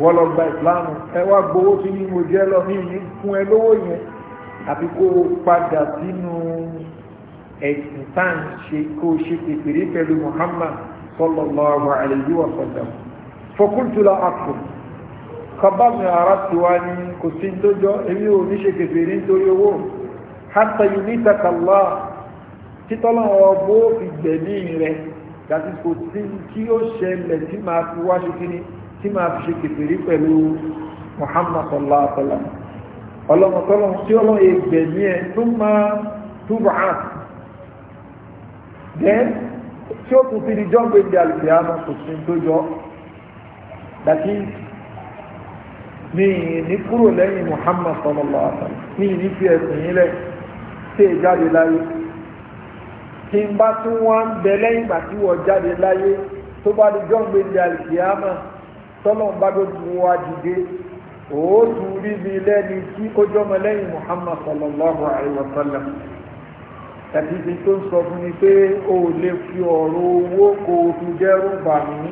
Speaker 1: wọ́n lọ gba ìsìláàmù ẹ wá gbowó tí ní mo jẹ́ lọ mí ní fún ẹ lówó yẹn àfi kó o padà sínú ẹ̀sìn tá ṣe kó o ṣe pèpèrè pẹ̀lú Muhammad sallallahu alaihi wasallam fọkúntùlá àkùrù kọbámi ara ti wá ní kò sí tó jọ èmi ò ní ṣe kèfè nítorí owó hátà yìí ní takàlá títọ́lọ́ ọgbó ìgbẹ̀mí rẹ̀ dàbí kò sí tí ó ṣẹlẹ̀ tí máa fi wá ṣe kíní tí máa fi ṣe kèfè rí pẹ̀lú muhammad sallallahu alaihi wa sallam ọlọ́mọtọ́lọ́ tí ọlọ́run ìgbẹ̀mí ẹ̀ tó máa túbọ̀ á tí ó kún fi ní jọ́ǹgbé di kò sí tó jọ dàbí ní ní kúrò lẹ́yìn Muhammad sallallahu alaihi wasallam ní ní fi ẹ̀sìn yín lẹ̀ tí ẹ jáde láyé tí n bá tún wá ń bẹ lẹ́yìn ìgbà tí wọ́n jáde láyé tó bá di jọ́ǹgbé di àlìkìyàmà tọ́lọ̀ ń bá dojú wa dìde òótù rí mi lẹ́ni tí ó jọ́mọ lẹ́yìn Muhammad sallallahu alaihi wasallam ẹ̀sìn tó ń sọ fún mi pé o lè fi ọ̀rọ̀ owó kò fi dẹ́rù bà mí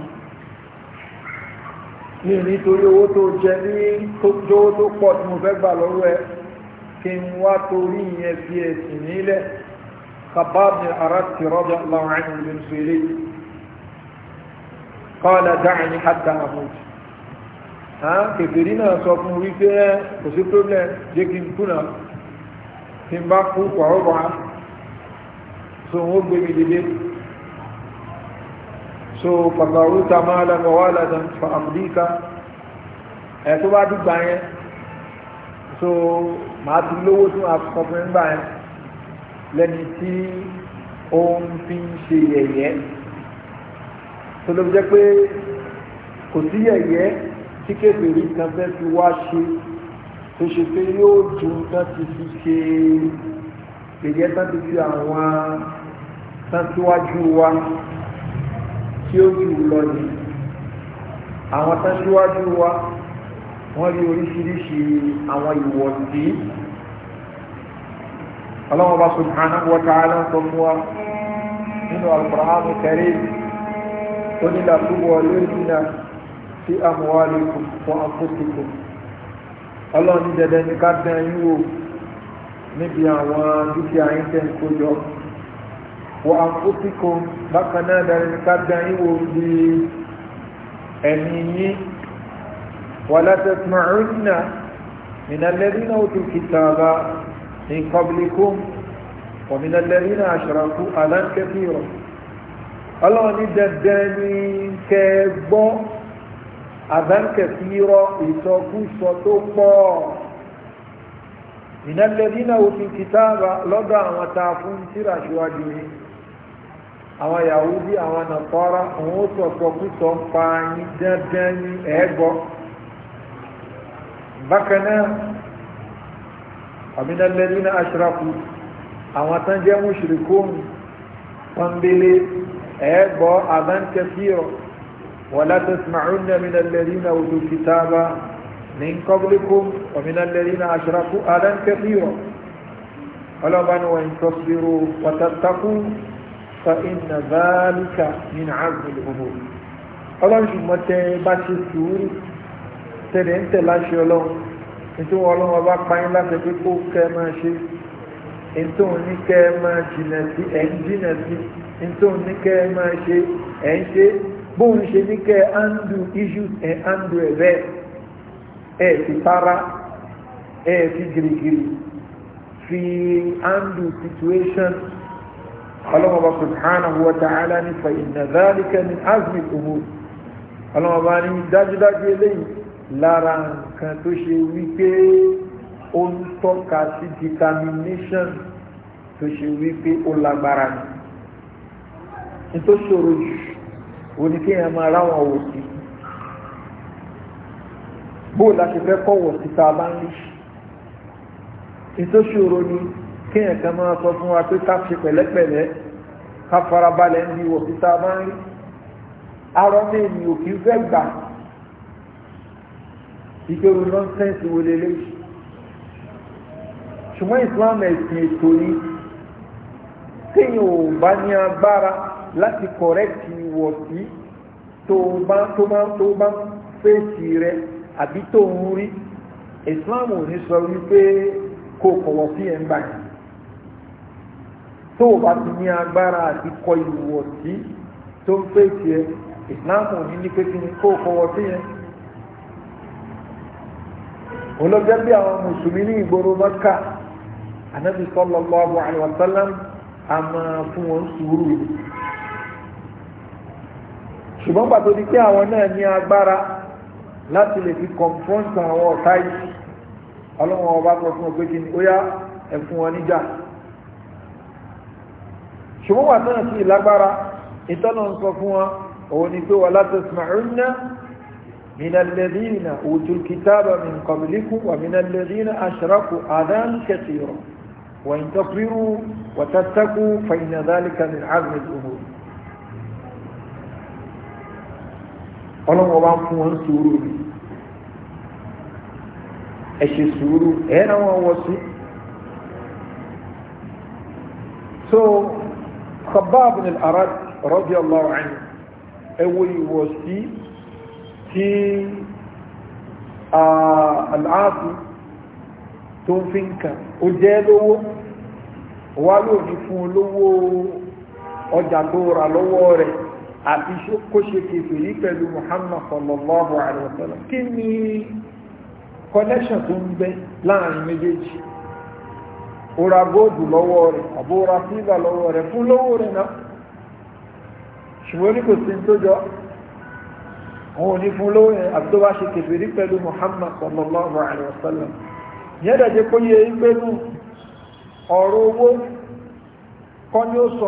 Speaker 1: ní nítorí owó tó jẹ ní tójówó tó pọ̀ tí mo fẹ́ gbà lọ́wọ́ ẹ kí n wá torí ìyẹn fi ẹ̀sìn nílẹ̀ خباب بن أردت رضي الله عنه من سيري قال دعني حتى أموت ها كثيرين أصابوا ويفيا وسيطوا لنا لكن كنا تنبقوا وعبعا سنوبوا بجديد so fàbàrúta máa lẹ́nu wà lẹ́nu fa àmúdíkà ẹ̀ tó bá dùgbà yẹn so màá ti lówó tí màá sọ fún nígbà yẹn lẹ́ni tí ó ń fi ń ṣe yẹ̀yẹ́ tó ló fi jẹ́ pé kò sí yẹ̀yẹ́ tí kébèrè kan fẹ́ fi wá ṣe tó ṣe pé yóò ju tán ti fi ṣe yẹ̀yẹ́ tán ti fi àwọn tán síwájú wa tí ó jù lọ ní àwọn tẹ́síwájú wa wọ́n rí oríṣiríṣi àwọn ìwọ̀dí ọlọ́wọ́n bá subhanahu wa ta'ala sọ fún nínú al-Qur'an al-Karim tó nílà túbọ̀ lórí náà sí amwalikum fún akókòkò ọlọ́run ní dẹ̀dẹ̀ ní ká dán yín wò níbi àwọn dúkìá yín tẹ́ wọ́n àfúsíkò bákanáà dárin kájá ìwò bí ẹ̀mí yí wà látẹ̀tùmọ̀rúnnà ìnàlẹ́rìnà òtù kìtàbà ní kọblikún òmìnàlẹ́rìnà àṣàràkú aláǹkẹ́fìrọ̀ ọlọ́ọ̀ni dandan ní kẹgbọ́ àbáǹkẹ́fìrọ̀ ìsọkúsọ tó pọ̀ ìnàlẹ́rìnà òtù kìtàbà lọ́dọ̀ àwọn ta tíra ṣíwájú yìí àwọn yahudi àwọn nàkọ́ra òun ó sọ̀tọ̀ kúsọ̀ ń pa yín dandan ní ẹ̀ẹ́gbọ́ bákan náà àmìnàlẹ́rí náà aṣírakù àwọn tán jẹ́ mùṣírikùn pọ́nbélé ẹ̀ẹ́gbọ́ àbáńkẹfíọ̀ wala tasma'unna àmìnàlẹ́rí náà utul kitaba min qablikum àmìnàlẹ́rí náà aṣírakù àbáńkẹfíọ̀ ọlọ́bánu wọ̀nyí tọ́sírò pàtàkùn فَإِنَّ ذَلِكَ مِنْ عزم الأمور ọlọ́run ṣùgbọ́n tẹ bá ṣe sùúrù tẹ̀lé ń tẹ̀lé aṣọ ọlọ́run nítorí ọlọ́run ọba payín láti pé kó kẹ́ ẹ máa ṣe nítorí ní kẹ́ ẹ máa jìnà sí ẹ̀ ń jìnà sí nítorí ní kẹ́ ẹ máa ṣe ẹ̀ ń ṣe bóun ṣe ní kẹ́ ẹ áńdù issues ẹ̀ áńdù ẹ̀ bẹ́ẹ̀ ẹ̀ fi para ẹ̀ fi gírígírí fi áńdù situations ọlọ́mọba subhanahu wa ta'ala ní fa inna dhalika min azmi umur ọlọ́mọba ní dájúdájú eléyìí lára nǹkan tó ṣe wípé ó ń tọ́ka sí determination tó ṣe wípé ó lágbára ní tó ṣòro jù òun ni kéèyàn máa ráwọn wò sí bóòlù àti fẹ́ kọ̀wọ̀ sí tá bá ń lè ṣe tó ṣòro ni kí ẹ̀kan máa sọ fún wa pé ká fi pẹ̀lẹ́pẹ̀lẹ́ ká farabalẹ̀ ń bí wọ̀ títà máa ń rí arọ́ ní èmi ò kí ń fẹ́ gbà ìgbèrú nọ́ńsẹ́ǹsì wo lélẹ́ ṣùgbọ́n islam ẹ̀sìn ètò ni téèyàn ò bá ní agbára láti kọ̀rẹ́kì wọ̀ sí tó bá tó bá tó bá fèsì rẹ àbí tó ń rí islam ò ní sọ wípé kò kọ̀wọ́ sí ẹ̀ ń báyìí tó o bá ti ní agbára àti kọ ìwọ̀ sí tó ń pè tiẹ̀ ìsìláàmù ní ní pé kí ni kó o kọwọ́ sí yẹn olóògbé bí àwọn mùsùlùmí ní ìgboro mọ́kà anábì sallallahu alaihi wa sallam a máa fún wọn sùúrù yìí ṣùgbọ́n pàtó di pé àwọn náà ní agbára láti lè fi confront àwọn ọ̀tá yìí ọlọ́wọ́n ọba sọ fún ọ pé kí ni ó yá ẹ̀fún wọn níjà ṣùgbọ́n wà náà sí ìlágbára ìtọ́nà ń sọ fún wọn òun ni pé wà látọ̀símọ̀ọ́nà minalẹ́dínà òtùlkítàbà min kọ̀bìlíkù wà minalẹ́dínà aṣọ́rọ́kù àdán kẹtìrọ̀ wà ń tọ́pírù wà tàtàkù fàyínà dálíkà so Khabbab bin al-Arat radiyallahu anhu ẹwọ ìwọ̀sí tí ah, al-Aasi tó ń fi nǹkan ó jẹ́ lówó wá lóòní fún olówó ọjà tó rà lọ́wọ́ rẹ̀ àti kó ṣe kèfèrí pẹ̀lú Muhammad sallallahu alaihi wa sallam kí ni connection tó ń bẹ láàrin méjèèjì ó ra góòdù lọ́wọ́ rẹ̀ àbó ra fíìlà lọ́wọ́ rẹ̀ fún lówó rẹ̀ náà ṣùgbọ́n ní kò sí tó jọ òun ò ní fún lówó yẹn àbí tó bá ṣe kẹfìrí pẹ̀lú muhammad sallallahu alayhi wa sallam yẹn dàjẹ́ pé yẹ ìgbẹ́nu ọ̀rọ̀ owó kọ́ ni ó sọ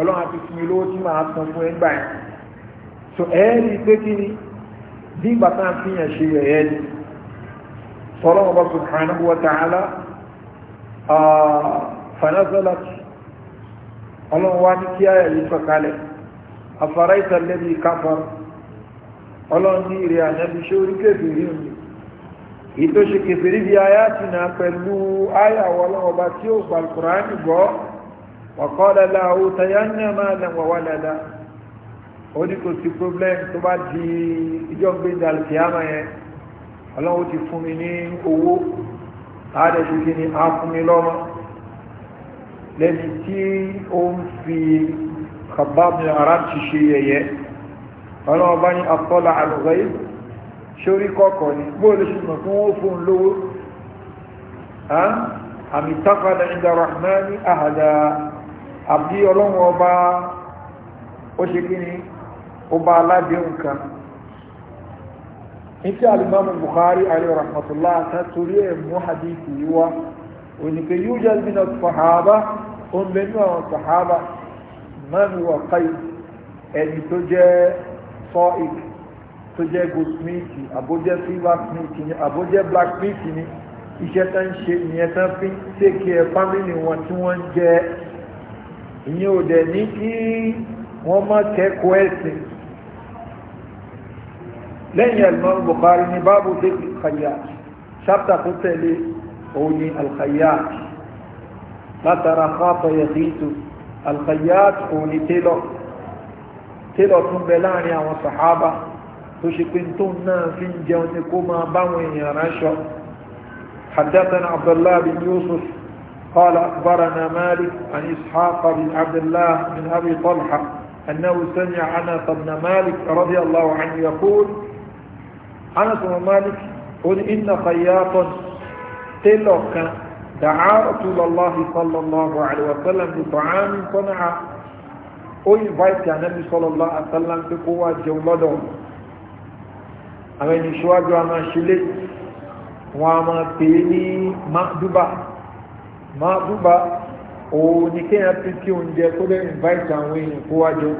Speaker 1: ọlọ́run àti fún mi lówó tí máa san fún ẹgbà yẹn so ẹ̀ẹ́rì pé kí ni bí ìgbà tá à ń fi yàn ṣe ẹ̀ẹ́rì sọlọ́run ọba subhanahu wa ta'ala fanazalat ọlọ́run wá ní kí ayà yìí sọ̀kalẹ̀ afárá ìtàlẹ́bí káfàr ọlọ́run ní ìrẹ́ ànábi ṣé orí kébìrì òní èyí tó bí ayá ti pẹ̀lú ayà ọlọ́run ọba tí ó gbàlùkùránì gbọ́ wàkọ́lẹ̀ láàú tayánà máa lẹ́wọ̀ wà lẹ́dá ó ní kò sí problem tó bá di ìjọ gbéjà alìkìyàmà yẹn ọlọ́run ti fún mi ní owó àádẹ́sìkí ni a fún mi lọ́mọ lẹ́ni tí ó ń fi kàbámi ara ti ṣe yẹyẹ ọlọ́run ní àtọ́lá àlùkò yìí àbí ọlọ́run ọba ó ṣe kí ni ọba aládéhùn kan ní tí alimami buhari alayhi rahmatullah ta torí ẹ̀ mú hadithi yìí wá òní pé yóò jẹ́ bí náà sàhábà ó ń bẹnu àwọn sàhábà mẹ́nu wà káyì ẹni tó jẹ́ sọ́ọ̀k tó jẹ́ goldsmithi àbójẹ́ silversmithi ni àbójẹ́ blacksmithi ni iṣẹ́ tó ṣe ìyẹn tó fi ń ṣèkì fámìlì wọn tí wọ́n jẹ́ ìyẹn ò dẹ̀ ní kí wọ́n má kẹ́kọ̀ọ́ ẹ̀sìn lẹ́yìn alimọ́rún Bukhari ní báàbù dé kàyà ṣáptà tó tẹ̀lé òun ni alkàyà látara káàtọ̀ yẹ̀dìtù alkàyà òun ni télọ̀ télọ̀ tún bẹ láàrin àwọn sàhábà tó ṣe pé tó náà fi ń jẹun ni kó máa báwọn èèyàn ránṣọ حدثنا عبد الله بن يوسف قال أخبرنا مالك عن إسحاق بن عبد الله من أبي طلحة أنه سمع أنس بن مالك رضي الله عنه يقول أنس بن مالك قل إن خياطا تلوكا دعا رسول الله صلى الله عليه وسلم لطعام صنع أو بيت يا نبي صلى الله عليه وسلم بقوة قوة جولده أما يشواجه أما شلت وأما بيني مأدبة máa dúbà òun ni kéèyàn ti kí oúnjẹ tó lè invite àwọn èèyàn kó wá jọ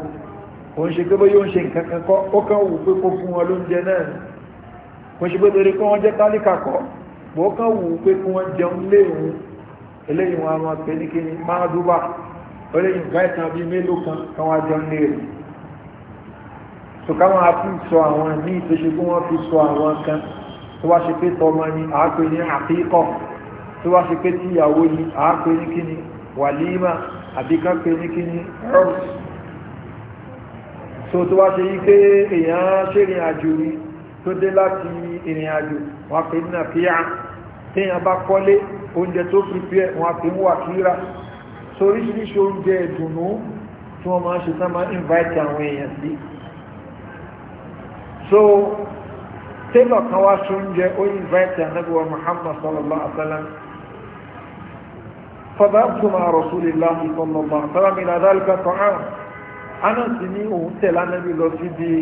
Speaker 1: òun ṣe pé bóyá ó ń ṣe nǹkan kan kọ́ ó kàn wù pé kó fún wọn lóúnjẹ náà kò ṣe pé torí kí wọ́n jẹ́ tálíkà kọ́ bó kàn wù pé kí wọ́n jẹun lé òun eléyìí wọn a máa máa dúbà ó lè invite àwọn mélòó kan kan wá jẹun lé rẹ̀ tó ká máa sọ àwọn míì tó ṣe pé wọ́n fi sọ àwọn kan tó wá ṣe pé tọmọ ni àá pè ní àfíkọ́ tó wá fi pé tí ìyàwó yìí àá pé ní kíni wàlímà àbí ká pé ní kíni rọ́ọ̀s so tó wá ṣe yí pé èèyàn ṣèrìn àjò rí tó dé láti ìrìn àjò wọn pè ní nàkíyà téèyàn bá kọ́lé oúnjẹ tó fi pé wọn pè ń wà kíra so oríṣiríṣi oúnjẹ ìdùnnú tí wọ́n máa ń ṣe tán máa invite àwọn èèyàn sí so tẹ́lọ̀ kan wá ṣoúnjẹ ó invite ànábíwá Muhammad sallallahu alaihi wa sallam فذهبت مع رسول الله صلى الله عليه وسلم من ذلك طعام أنا سني أنتلا نبي لوتي دي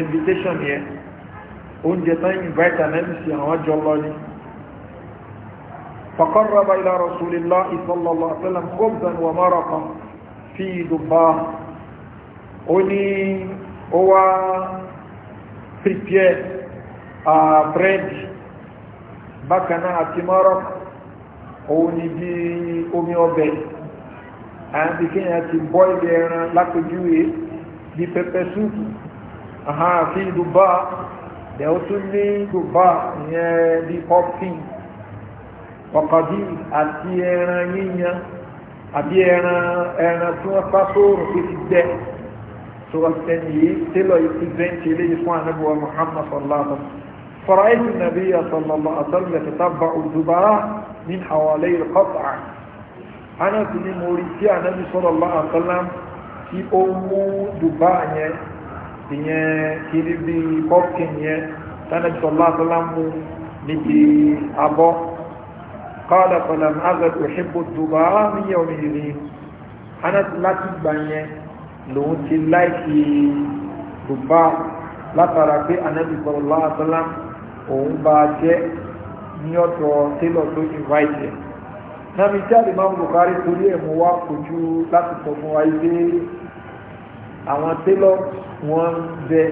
Speaker 1: invitation yẹn oúnjẹ tán invite anabi sí àwọn àjọ lọ ni فقرب إلى رسول الله صلى الله عليه وسلم خبزا ومرقا في دباه ó ní ó wá prepare bread bákan òun ni bí omi ọbẹ̀ àti kéèyàn ti bọ́ ilé ẹran lápèjúwe bí pẹpẹ súùpù àfi dùbà dẹ̀ ó tún ní dùbà ìyẹn bí pọ́pìn ọ̀kadì àti ẹran yíyan àbí ẹran ẹran tí wọ́n pa sóòrùn pé ti gbẹ tó wọ́n tẹ̀ nìyí tẹ́lọ̀ yìí ti bẹ́ńkì eléyìí fún anábùwà Muhammad sallallahu alaihi wa sallam. فرأيت النبي صلى الله عليه وسلم يتتبع الزبراء من حوالي القطع أنا في موريسيا النبي صلى الله عليه وسلم في أم دباء kiri bi pɔpkin yɛ tani sɔlɔ salamu ni ti abɔ kɔɔda kɔlɔn azɛ ohibu duba mi yɛ omi yiri ana lati gbanyɛ lòun ti laiki duba látara pé anabi sɔlɔ salamu òun bá jẹ́ ní ọ̀tọ̀ taylor tó invite ẹ̀ náà mi jáde máa ń bùkárí torí ẹ̀ mú wá kojú láti sọ fún wa ilé àwọn taylor wọn ń bẹ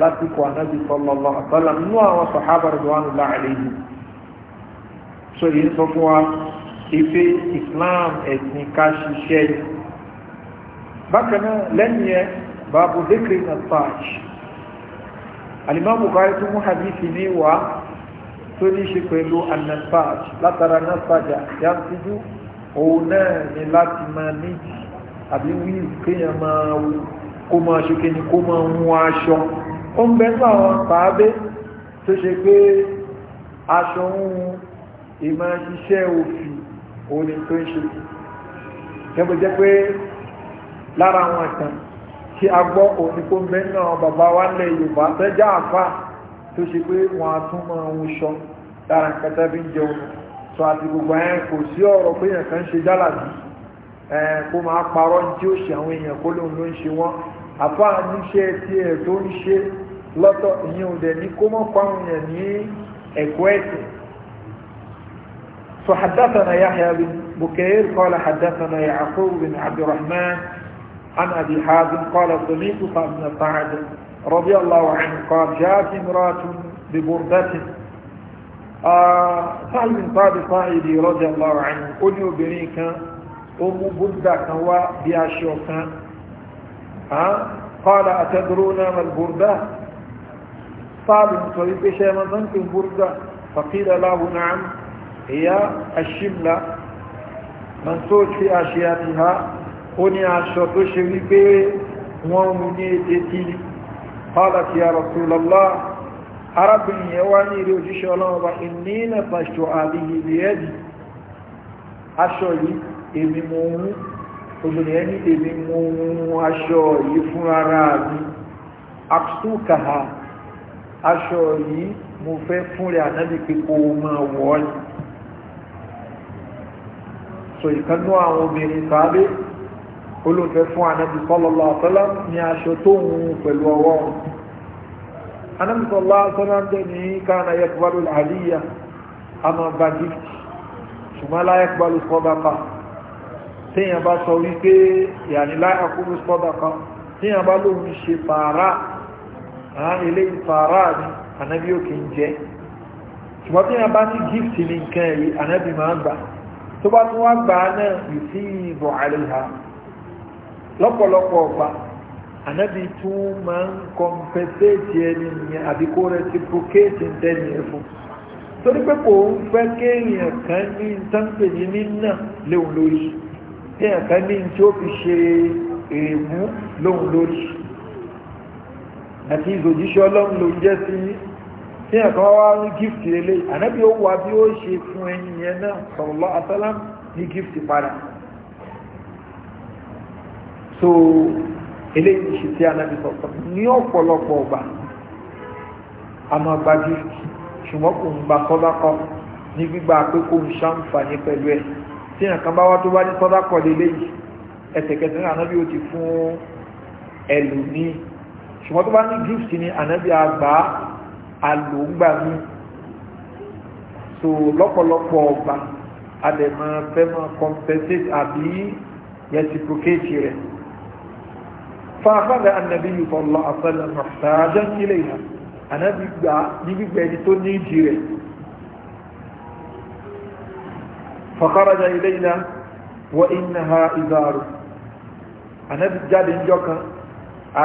Speaker 1: lásìkò ànábì sallallahu alaihi wasallam nínú àwọn sàhábà radwanullahi alaihim so yìí ń sọ fún wa ife islam ẹ̀sìn ká ṣiṣẹ́ yìí bákan náà lẹ́yìn ẹ̀ bàbá dékèrè náà sáàjì alimami Bukhari tó mú hadith ní wá tó ní ṣe pẹ̀lú anasaj látara nasaja yantijú òun náà ni láti máa níjì àbí wíìlì kéèyàn máa wù kó máa ṣe kí ni kó máa mú aṣọ ó ń bẹ́ẹ̀ láwọn pàábé tó ṣe pé aṣọ ohun ìmọ̀ iṣẹ́ òfin òun ni tó ń ṣe kẹ́bọ̀ jẹ́ pé lára àwọn àtàn tí a gbọ́ òníkó mẹ́nà bàbá wa lẹ̀ yorùbá tẹ́jà àfà tó ṣe pé wọ́n á tún máa ń sọ dára kẹta bí ń jẹun sọ àti gbogbo ẹ̀ kò sí ọ̀rọ̀ pé èèyàn kan ṣe jálàbí ẹ̀ kó máa parọ́ ní tí ó ṣe àwọn èèyàn kó lóun ló ń ṣe wọ́n àfà níṣẹ́ tó ń ṣe lọ́tọ̀ ìyẹn ò dẹ̀ ní kó mọ́ ní ẹ̀kọ́ ẹ̀sìn يحيى بن بكير قال حدثنا يعقوب بن عبد الرحمن عن أبي حازم قال سمعت بن سعد رضي الله عنه قال جاءت امرأة ببردة سعد بن سعد سعيدي رضي الله عنه أني وبنيك أم بردة كوا قال أتدرون ما البردة سعد بن سعيد شيء ما ظنك البردة فقيل له نعم هي الشملة منسوج في أشيائها ó ní aṣọ tó ṣe wípé wọ́n mú ní ètè tí pálàtí àrọ̀kùnlọ́lá arábìnrin yẹn wá ní ilé òjíṣẹ́ ọlọ́ọ̀bá ìnílẹ̀ pàṣọ àbíyí ilé ẹ̀dì aṣọ yìí èmi mo ń obìnrin ẹni èmi mo ń aṣọ fẹ́ fún ànábì pé kó o so ìkànnú àwọn obìnrin sábẹ́ olóòfẹ́ fún anábì sọ́lọ́lọ́ àtọ́lá ní aṣọ tó ń pẹ̀lú ọwọ́ anábì sọ́lá àtọ́lá ń dẹ̀ ní káàna yẹkùbálù àríyá àmọ́ bá gift ṣùgbọ́n láyẹkùbálù sọ́dọ̀kà téèyàn bá sọ wípé yàní láyẹkùbálù sọ́dọ̀kà téèyàn bá lóun ṣe fàárà eléyìí fàárà ni anábì òkè ń jẹ́ ṣùgbọ́n téèyàn bá ní gift ní nǹkan yìí anábì máa gbà tó bá tún wá gbà náà yìí sí lọ́pọ̀lọpọ̀ ọgbà ànábì tún máa ń kọmpẹ́sẹ̀tì ẹni yẹn àbí kó rẹ́síprokéètì ń tẹ́ni ẹ fún torí pé kò ń fẹ́ kéèyàn kan ní táǹpè ní nínà léun lórí kéèyàn kan ní tí ó fi ṣe èèmú lóun lórí àti ìzòjíṣẹ́ ọlọ́run ló ń sí kéèyàn kan wá ní gíftì eléyìí ànábì ó wà bí ó ṣe fún ẹni yẹn náà sọ̀rọ̀ lọ́ ní gíftì padà so eléyìí ṣe tí anábì sọ̀tọ̀ ní ọ̀pọ̀lọpọ̀ ọgbà a máa gba gift ṣùgbọ́n kò ń gba sọ́dákọ̀ ní gbígba pé kò ń ṣàǹfààní pẹ̀lú ẹ̀ tí nǹkan bá wá tó bá ní sọ́dákọ̀ lélẹ́yìí ẹ̀tẹ̀kẹ̀tẹ̀ ní anábì ti fún ẹlòmíì ṣùgbọ́n tó bá ní gift ni anábì àgbà alòǹgbà mi so lọ́pọ̀lọpọ̀ ọgbà a dẹ̀ máa fẹ́ máa compensate àbí reciprocate rẹ̀. فأخذ النبي صلى الله عليه وسلم محتاجا إليها أنا بيبقى توني جيري فخرج إلينا وإنها إزار أنا بجد جوكا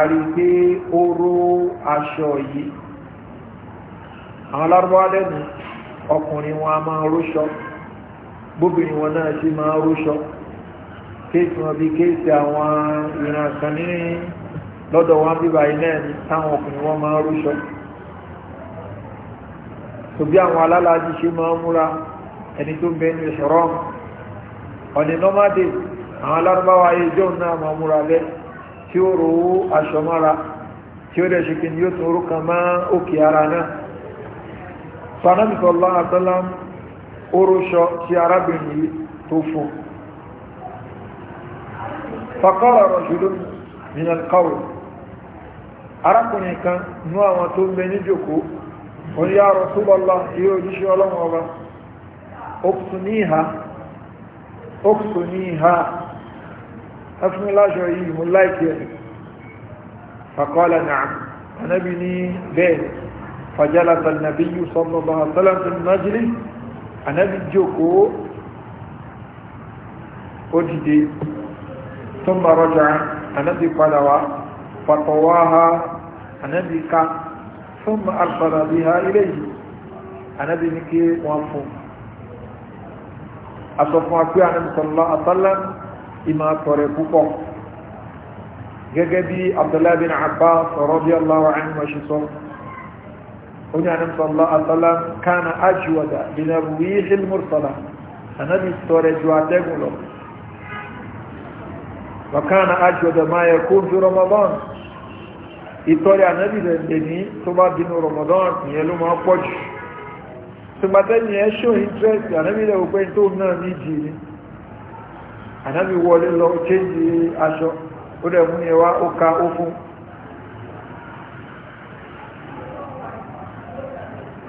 Speaker 1: àríké oró aṣọ yìí àwọn alárúwá lẹ́nu ọkùnrin wọn a máa róṣọ bóbìnrin wọn náà sì máa róṣọ kéèsì wọn bí kéèsì àwọn ìran kan ní lọ́dọ̀ wọn bíbá iná ẹni táwọn ọkùnrin wọn máa rúṣọ tó bí àwọn alálàájì ṣe máa múra ẹni tó ń bẹ ní ìṣọ̀rọ̀ ọ̀nì nọ́mádé àwọn alárúbáwá ayé jọ́ náà máa múra lẹ́ tí ó ro aṣọ mọ́ra tí ó dẹ̀ ṣe kí ni yóò tún orúkọ máa òkè ara náà sọ anábìsọ̀ lọ́wọ́ àtọ́lá orúṣọ tí arábìnrin tó fún un fàkọ́rọ̀ rọ̀jùlọ nínú kọ́wọ̀ arákùnrin kan ní àwọn tó ń bẹ ní jòkó wọ́n yá rọ̀ súbọ́lá yí òjíṣẹ́ ọlọ́run ọba ọkùnníhà ẹfúnmiláṣọ yìí mú láìkí ẹ̀ fàkọ́lá náà anábì ní bẹ́ẹ̀ fàjálà tàbí yìí sọ́mọ́bà sálàtì májílì anábì jòkó ó dìde ثم رجع النبي قلوى فطواها النبي كان ثم أرسل بها إليه النبي نكي وانفوم أصفنا في النبي صلى الله عليه وسلم إما طريقكم جاجبي عبد الله بن عباس رضي الله عنه وشصر قلنا عن صلى الله عليه وسلم كان أجود بنرويه المرسلة النبي صلى الله عليه وسلم wàkánà àjọ̀dọ̀ máa yẹ kó ju Ramadan ìtọ́rẹ ànábì rẹ̀ ní tó bá bínú Ramadan ìyẹn ló máa pọ̀ jù tìgbàtẹ́yìn ẹ ṣó interest ànábì rẹ̀ òpé tó náà ní jì ní ànábì wọlé lọ chéjì aṣọ ó rẹ̀ mú yẹn wá ó ka ó fún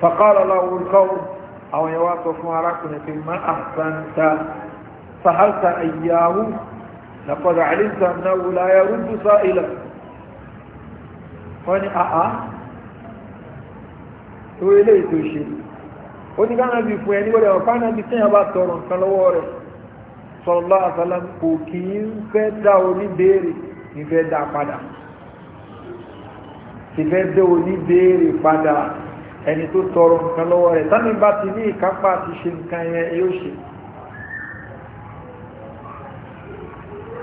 Speaker 1: fàkàrà láwọn olùkọ́wọ́ àwọn yẹn wá sọ fún arákùnrin pé má لقد علمت أنه لا يرد سائلا wọ́n ni àá tó ilé ètò ìṣèlú ó ní káàná bí fún ẹni wọ́n ọ̀pá náà bí tẹ́yà bá tọrọ nǹkan lọ́wọ́ rẹ̀ sọ̀rọ̀lá àtàlà kò kí ń fẹ́ dá oníbèèrè ìfẹ́ dá padà ìfẹ́ dá oníbèèrè padà ẹni tó tọrọ nǹkan lọ́wọ́ rẹ̀ tánibá ti ní ìkápá ti ṣe nǹkan yẹn yóò ṣe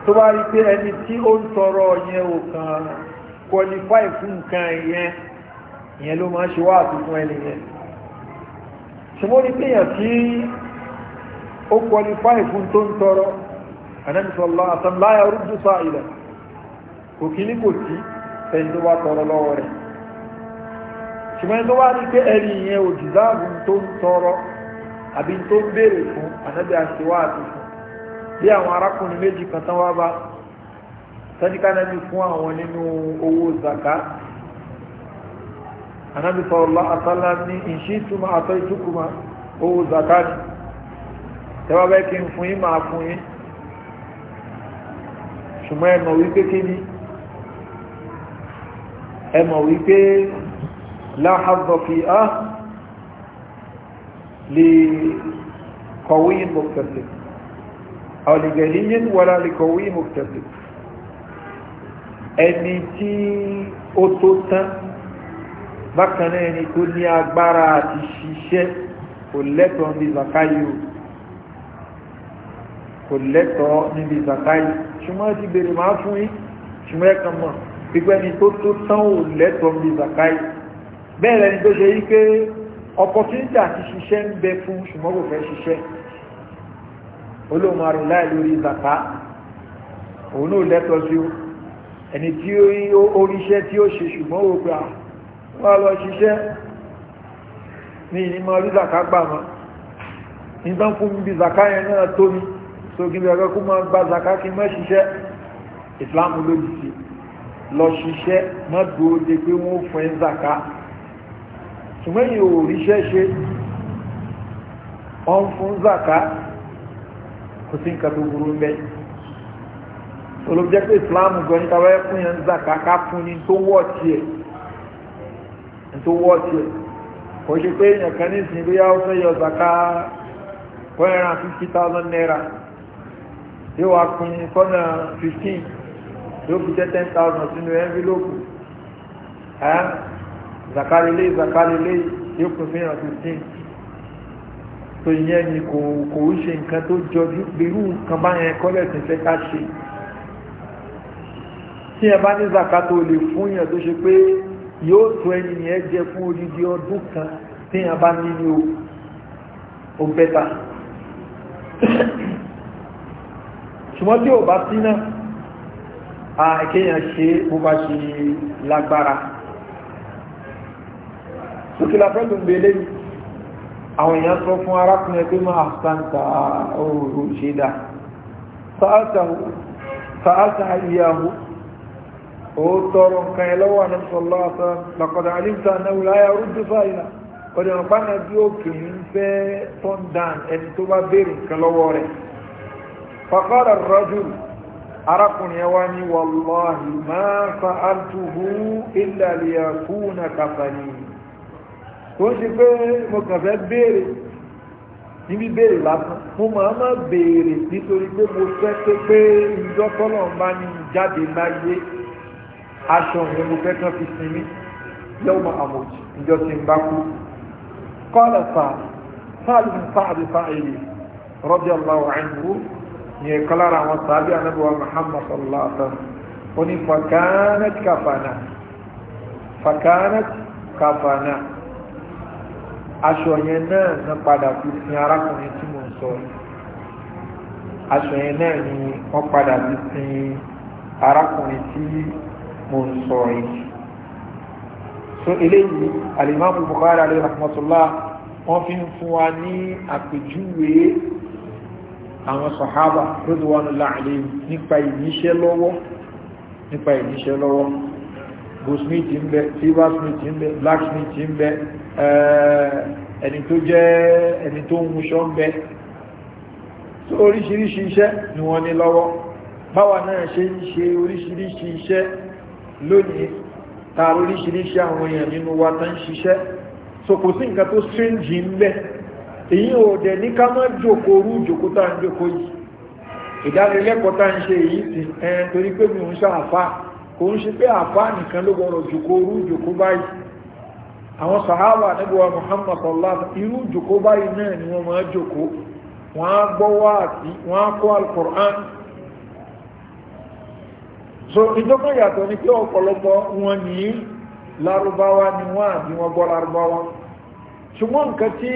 Speaker 1: tó bá rí pé ẹni tí ó ń tọrọ yẹn ò kàn qualify fún nǹkan yẹn ìyẹn ló máa ń ṣe wá àtúntún ẹni yẹn ṣùgbọ́n ní péyàn tí ó qualify fún tó ń tọrọ anamisọ̀lá àtàláyà rúdú sáà ilẹ̀ kò kí ní kò sí ẹni tó bá tọrọ lọ́wọ́ rẹ̀ ṣùgbọ́n tó wá ní pé ẹni yẹn ò dìdáàbò tó ń tọrọ àbí tó ń béèrè fún ànábì àṣewá fún bí àwọn arákùnrin méjì kan tán wá bá sẹ́díkà nábì fún àwọn nínú owó zaka anábì sọ̀rọ̀lá àtàlá ní ìṣítúmọ̀ àtọ́ ìtúkùmọ̀ owó zaka ni tẹ́wọ́ bẹ́ẹ̀ kí n fún yín máa fún yín ṣùgbọ́n ẹmọ̀ wípé kí ni ẹmọ̀ wípé láhàzọ̀ á lè kọ̀wé yín bọ̀kẹ̀sẹ̀ أو لجلي ولا لقوي مكتسب ẹni tí ó tó tán bákan náà ẹni tó ní agbára àti ṣiṣẹ́ kò lẹ́tọ̀ọ́ níbi zakayo kò lẹ́tọ̀ọ́ níbi zakayo ṣùgbọ́n ti bèrè máa fún yín ṣùgbọ́n ẹ kàn mọ̀ pípẹ́ ni tó tó tán ò lẹ́tọ̀ọ́ níbi zakayo bẹ́ẹ̀ lẹni tó ṣe yí pé opportunity àti ṣiṣẹ́ ń bẹ fún ṣùgbọ́n kò fẹ́ ṣiṣẹ́ olóòmọ arùn láì lórí zaka òun náà lẹ́tọ̀ sí o ẹni tí ó ríṣẹ́ tí ó ṣe ṣùgbọ́n ó gbà wọ́n lọ ṣiṣẹ́ ní ìnímọ̀ rí zaka gbà mọ́ nígbàn fún bí zaka yẹn náà tó mi sókè ẹgbẹ́ kó máa gba zaka kí mọ́ ṣiṣẹ́ ìsìláàmù lòdì sí lọ ṣiṣẹ́ mọ́ dúró de pé wọ́n fún ẹ zaka ṣùgbọ́n yìí ò ríṣẹ́ ṣe ọ̀n fún zaka kò sí nǹkan tó burú bẹ́ẹ̀ olùjẹ́ pé islam gan ní tàbí fún yẹn ń zàkà ká fún ní tó wọ́ tiẹ̀ tó wọ́ tiẹ̀ kò ṣe pé èèyàn kan ní ìsìn bóyá ó fẹ́ yọ zàkà one hundred and fifty thousand naira yóò wá pín kọ́nà fifteen yóò fi jẹ́ ten thousand sínú envelope zakari lé zakari lé yóò pín fún yàn fifteen tó yẹ ni kò kò ń ṣe nǹkan tó jọjú irú nǹkan báyẹn kọ́lẹ̀ tí fẹ́ ká ṣe tí ẹ bá ní zakato lè fún yàn tó ṣe pé yóò tó ẹni yẹn jẹ fún odidi ọdún kan tí yàn bá ní ní o bẹ́ta ṣùgbọ́n tí ò bá sí náà àkéyàn ṣe bó bá ṣe lágbára sókè la fẹ́ lóun gbé eléyìí àwọn èèyàn sọ fún arákùnrin pé máa sáńtà oòrùn ṣe dá sa'ata iyahu ó tọrọ nǹkan ẹ lọ́wọ́ àná sọ̀lọ́ àtọ́ lọ́kọ̀dà alíta náà láyà rúdú fàìlà ọdún ọ̀pá náà bí ó kì í fẹ́ tọ́n kò ń ṣe pé mo kàn fẹ́ béèrè níbi béèrè lásán mo máa má béèrè nítorí pé mo fẹ́ pé pé ìjọ tọ́lọ̀ bá ní jáde láyé aṣọ mi mo fẹ́ kàn fi sinmi yẹ́wọ́n àmọ̀jì ìjọ ti ń bá kú kọ́lọ̀ sáà sáà ló ń sáà ló sáà èyí rọ́bì aláwọ̀ àìníwó yẹn kalára àwọn sàábì anábíwá muhammad sallallahu alaihi wa sallam ó ní fàkánẹ́tì kàfànà fàkánẹ́tì aṣọ yẹn náà ná padà fi sin arákùnrin tí mò ń sọ aṣọ yẹn náà ni wọ́n padà fi sin arákùnrin tí mò ń sọ yìí so eléyìí alimami Bukhari alayhi rahmatullah wọ́n fi ń fún wa ní àpèjúwe àwọn sàhábà radwanullahi alayhim nípa ìníṣẹ́ lọ́wọ́ nípa ìníṣẹ́ lọ́wọ́ goldsmith ń bẹ silversmith ń bẹ blacksmith ń bẹ Eh, ẹni tó jẹ́ ẹni tó ń múṣọ́ ń bẹ tó oríṣiríṣi iṣẹ́ ni wọ́n ni lọ́wọ́ báwa náà ṣe ń ṣe oríṣiríṣi iṣẹ́ lónìí ta oríṣiríṣi àwọn èèyàn nínú wa tán ṣiṣẹ́ so kò sí nǹkan tó strange ń bẹ èyí ò dẹ̀ ní ká má jòkó rú jòkó tá ń jòkó yìí ìdánilẹ́kọ̀ọ́ tá ń ṣe èyí ẹn eh, torí pé mi ò ń ṣe àfá kò ń ṣe pé àfá nìkan ló gbọ́rọ̀ jòkó jòkó àwọn sàhábà níbiwa muhammad sallallahu irú jòkó báyìí náà ni wọ́n máa jòkó wọ́n á gbọ́ wáàtí wọ́n á kó alukur'an so ìjọba yàtọ̀ ni pé ọ̀pọ̀lọpọ̀ wọn ní larubawa ni wọ́n àbí wọn gbọ́ larubawa ṣùgbọ́n nǹkan tí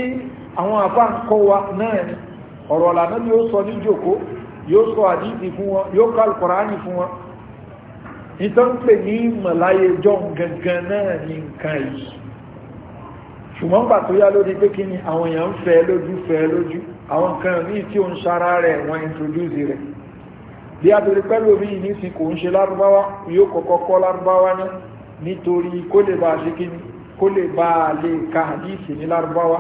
Speaker 1: àwọn àbá ń kọ́ wa náà ni ọ̀rọ̀ lànà yóò sọ ní jòkó yóò sọ àdídì fún wọn yóò kọ́ alukọ̀rání fún wọn nítorí pé ní mọ̀láyé jọ gangan náà ni nǹkan yìí ṣùgbọ́n gbà tó yá lórí pé kí ni àwọn èèyàn ń fẹ́ lójú fẹ́ lójú àwọn nǹkan míì tí ó ń ṣara rẹ̀ wọ́n introduce rẹ̀ bí a torí pẹ́lú omi yìí nísìn kò ń ṣe lárúbáwá yóò kọ́kọ́ kọ́ lárúbáwá ní nítorí kó lè bá ṣe kí ni kó lè bá lè ka hadith ní lárúbáwá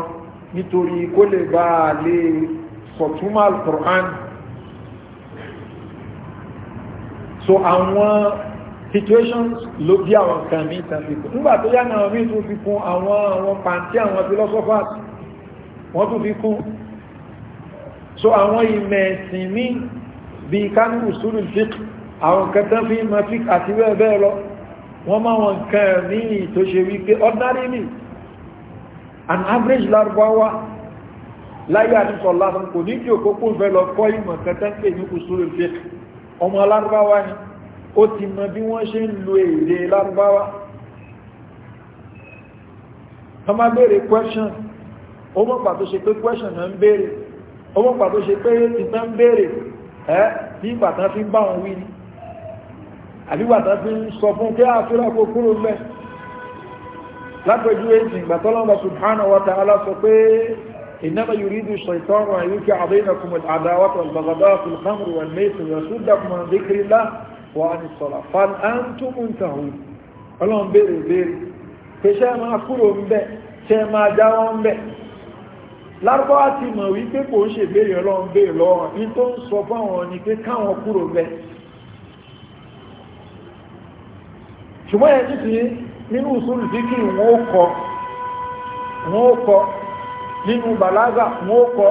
Speaker 1: nítorí kó lè bá lè sọ̀túnmọ́ alukur'an so àwọn situations ló bí àwọn kan ní ìtàfikún nígbà tó yá náà mí tún fi kún àwọn àwọn pàǹtí àwọn philosophers wọ́n tún fi kún so àwọn ìmẹ̀ẹ̀sìn ní bí kánú sùúrù fík àwọn kan tán fi mọ fík àti bẹ́ẹ̀ lọ wọ́n máa wọn kan ní tó ṣe wípé ordinarily an average larbawa láyé àtúnṣọ lásán kò ní kí òkókó fẹ́ lọ kọ́ ìmọ̀ kẹta ń pè ní usulul fiqh ọmọ alárúbáwá ni ó ti mọ bí wọ́n ṣe ń lo èdè lárúbáwá wọ́n máa béèrè question ó mọ̀ pàtó ṣe pé question náà ń béèrè ó mọ̀ pàtó ṣe pé ìtàn ń béèrè ẹ́ tí ìbàtàn fi ń bá wọn wí ni àbígbàtàn fi ń sọ fún kí àfíra kó kúrò mẹ́ lápẹjú èsì ìgbàtọ́lọ́wọ́ subhanahu wa ta'ala sọ pé إنما يريد الشيطان أن يوقع بينكم العداوة والبغضاء في الخمر والميسر ويصدكم عن ذكر الله wà ní sọ́lá fan án tó mú nǹkan hù ọlọ́run béèrè béèrè pé ṣe máa kúrò ń bẹ̀ ṣe máa jáwọ́ ń bẹ̀ lárúbọ́ àti mọ̀ wípé kò ń ṣèbéèrè ọlọ́run béèrè lọ́wọ́ ní tó ń sọ fáwọn ni pé káwọn kúrò bẹ̀ ṣùgbọ́n yẹn ti fi nínú ìsúlù díkì wọn ó kọ wọn ó nínú bàlágà wọn ó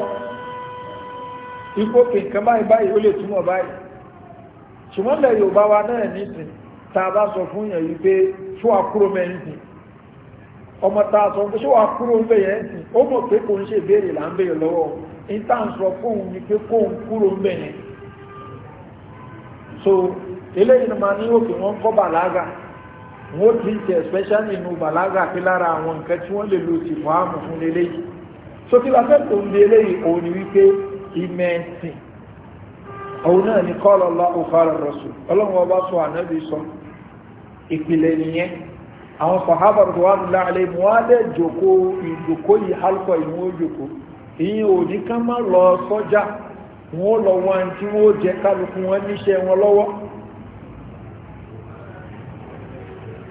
Speaker 1: ipò kìnkan báyìí báyìí ó lè túmọ̀ báyìí ṣùgbọ́n lẹ̀ yorùbá wa náà nísìn tá a bá sọ fún yẹn yìí pé ṣó wa kúrò mẹ́rin sìn ọmọ tá a sọ pé ṣó wa kúrò ń bẹ̀ yẹn sìn ó mọ̀ pé kò ń ṣe ìbéèrè là ń bèèrè lọ́wọ́ ní tá à ń sọ fóun ni pé kóun kúrò ń bẹ̀ yẹn so eléyìí ni màá ní òkè wọn kọ́ bàlágà wọ́n ti ń tẹ̀ especially inú bàlágà pé lára àwọn nǹkan tí wọ́n lè lo ti fọ́ àmù fún eléyìí so kí wàá tó ń bi eléyìí òun ni wípé ìmẹ̀sìn òun náà ni kọ́lọ̀ Allahu qala rasul ọlọ́run ọba sọ ànábì sọ ìpìlẹ̀ nìyẹn àwọn sàhábà tó wà nílá alẹ́ mú wá dẹ̀ jòkó ìjòkó yìí alùpọ̀ ìmú ó jòkó ìyìn òní ká má lọ sọ́jà wọn ó lọ wọn tí wọn ó jẹ kálukú wọn níṣẹ́ wọn lọ́wọ́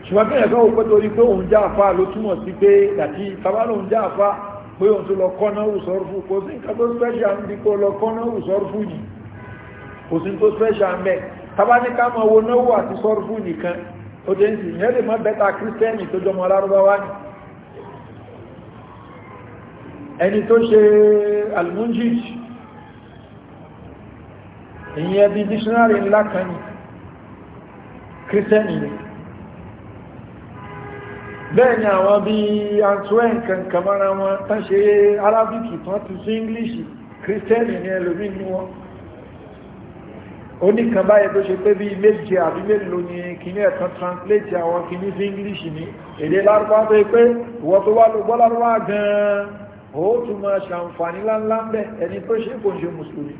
Speaker 1: ṣùgbọ́n bí ẹ̀kọ́ òpé torí pé òun kò sí tó special mẹ́ tabaníká máa wo náwó àti sọ́rùfù nìkan ó dé ń sì yẹn lè má bẹ́ta kírísítẹ́nì tó jọmọ lárúbáwá ni ẹni tó ṣe almunjij ìyẹn bí dictionary ńlá kan ni kírísítẹ́nì ni bẹ́ẹ̀ ni àwọn bí antoine kankan mara wọn tán ṣe arábìkì tán ti sí english kírísítẹ́nì ni ẹlòmí ni wọn oníkan báyẹ̀ tó ṣe pé bí méje àbí mélòó ni kìíní ẹ̀kan translate àwọn kìíní sí english ní èdè lárúbá tó pé ìwọ tó wá ló gbọ́ lárúbá gan-an ó tún máa ṣàǹfààní láńlá ń bẹ̀ ẹni tó ṣe kò ń ṣe mùsùlùmí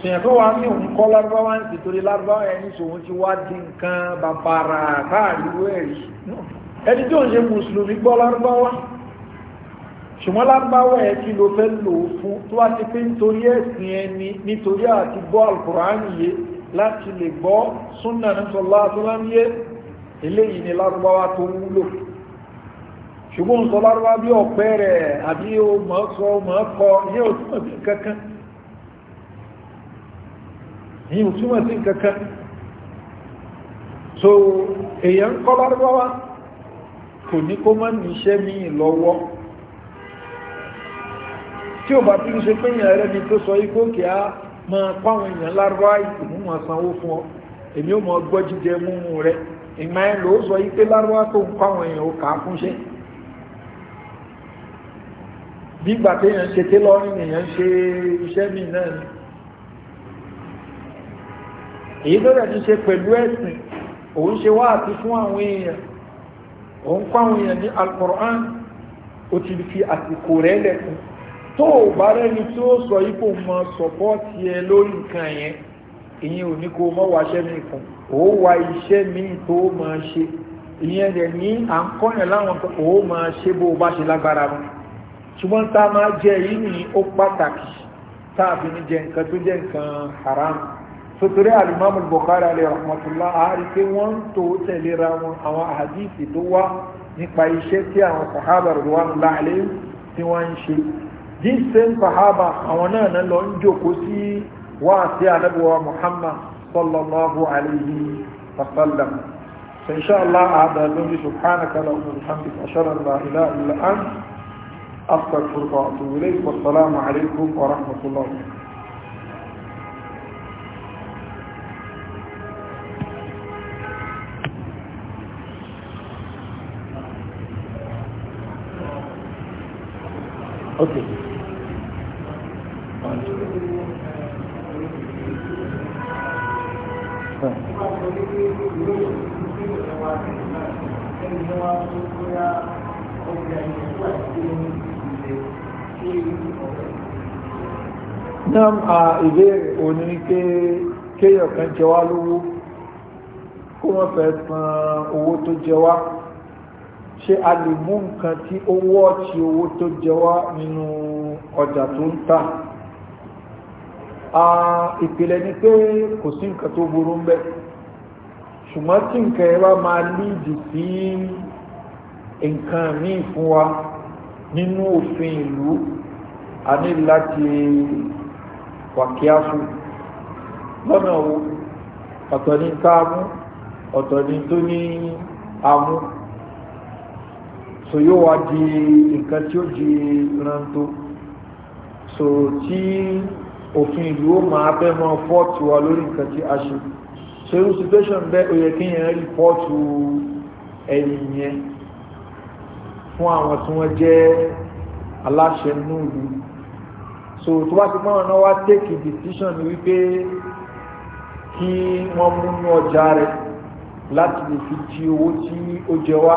Speaker 1: ṣèyàn tó ní òun kọ́ lárúbá wá ń sì torí lárúbá ẹni sòun ti wá di nǹkan bàbàrà káàrí wẹ́ẹ̀rí ẹni tó ń ṣe mùsùlùmí gbọ́ lárúbá wá ṣùgbọ́n lábáwọ̀ ẹ kí ló fẹ́ lò ó fún tó wá ti pé nítorí ẹ̀sìn ẹni nítorí àti gbọ́ alkùránì yé láti lè gbọ́ súnà nítorlá àtúnláńyé eléyìí ni lárúbáwá tó wúlò ṣùgbọ́n sọ lárúbá bí ọ̀pẹ rẹ̀ àbí o mọ̀ sọ mọ̀ kọ ní òtúmọ̀ sí kankan ní òtúmọ̀ sí kankan so èèyàn kọ́ lárúbáwá kò ní kó mọ́ níṣẹ́ míì lọ́wọ́ tí ò bá tí ń ṣe pé èèyàn rẹ ni tó sọ igbó kí á máa pàwọn èèyàn lárúbá ìmúmọ̀ sanwó fún ọ èmi ò mọ gbọ́ jíjẹ múmu rẹ ìmọ̀ ẹ lò ó sọ yí pé lárúbá tó ń pàwọn èèyàn ò kà á fúnṣẹ́ nígbà téèyàn ṣe télọ́rìn èèyàn ṣe iṣẹ́ mi náà ni èyí tó dàbí ṣe pẹ̀lú ẹ̀sìn òun ṣe wá àti fún àwọn èèyàn òun kọ́ èèyàn ní alkùrán ó ti fi àsìkò rẹ̀ lẹ́kùn tó o bá rẹ́ni tí ó sọ ipò mọ sọ̀pọ́ọ̀tì ẹ lórí nǹkan yẹn ìyẹn ò ní kó o mọ́ wá iṣẹ́ mi kan ó wá iṣẹ́ mi tó o máa ṣe ìyẹn rẹ̀ ní à ń kọ́yàn láwọn kan ó máa ṣe bó o bá ṣe lágbára mu ṣùgbọ́n tá a máa jẹ èyí ni ó pàtàkì tá ní jẹ nǹkan tó jẹ nǹkan haram sotori alimami bukari alayhi rahmatulah ari pé wọ́n ń tó tẹ̀léra wọn àwọn àdìsí tó wá nípa iṣẹ́ tí àwọn sahaba rẹ̀ wà ń tí wọ́n ń ṣe these same sahaba àwọn náà náà lọ ń jòkó sí wáàsí anábíwá muhammad sallallahu alayhi wa sallam so inshallah àdá lórí subhanaka la umar hamdi ashara la ilaha illa an astaghfiruka wa atubu ilayk wa assalamu wa rahmatullahi
Speaker 2: Okay. ìlú tó bóyá ọjà ìlú àti ilẹ̀ ṣé
Speaker 1: ìlú ọ̀rẹ́. Nam a ìbéèrè òní pé kéèyàn kó wọ́n fẹ́ san owó tó jẹ wá a lè mú nǹkan tí ó wọ́ ti owó tó jẹ wá nínú ọjà tó ń tà ìpìlẹ̀ ni pé kò sí nǹkan tó burú ń bẹ́ẹ̀ ṣùgbọ́n tí nǹkan ẹ bá máa líìdì sí nǹkan míì fún wa nínú òfin ìlú a ní láti wàkíásù lọ́nà wo ọ̀tọ̀ ní ká mú ọ̀tọ̀ ní tó ní amú so yóò wá di nǹkan tí ó di rántó so tí òfin ìlú ó máa bẹ́ mọ́ fọ́ọ̀tù wa lórí nǹkan tí a ṣe so situation bẹ́ẹ̀ ó yẹ kéèyàn rìpọ́ọ̀tù ẹni yẹn fún àwọn tí wọ́n jẹ́ aláṣẹ núùlù so tó bá ti pọ́n náà wá take a decision ni wípé kí wọ́n mú ní ọjà rẹ̀ láti lè fi ti owó tí ó jẹ wá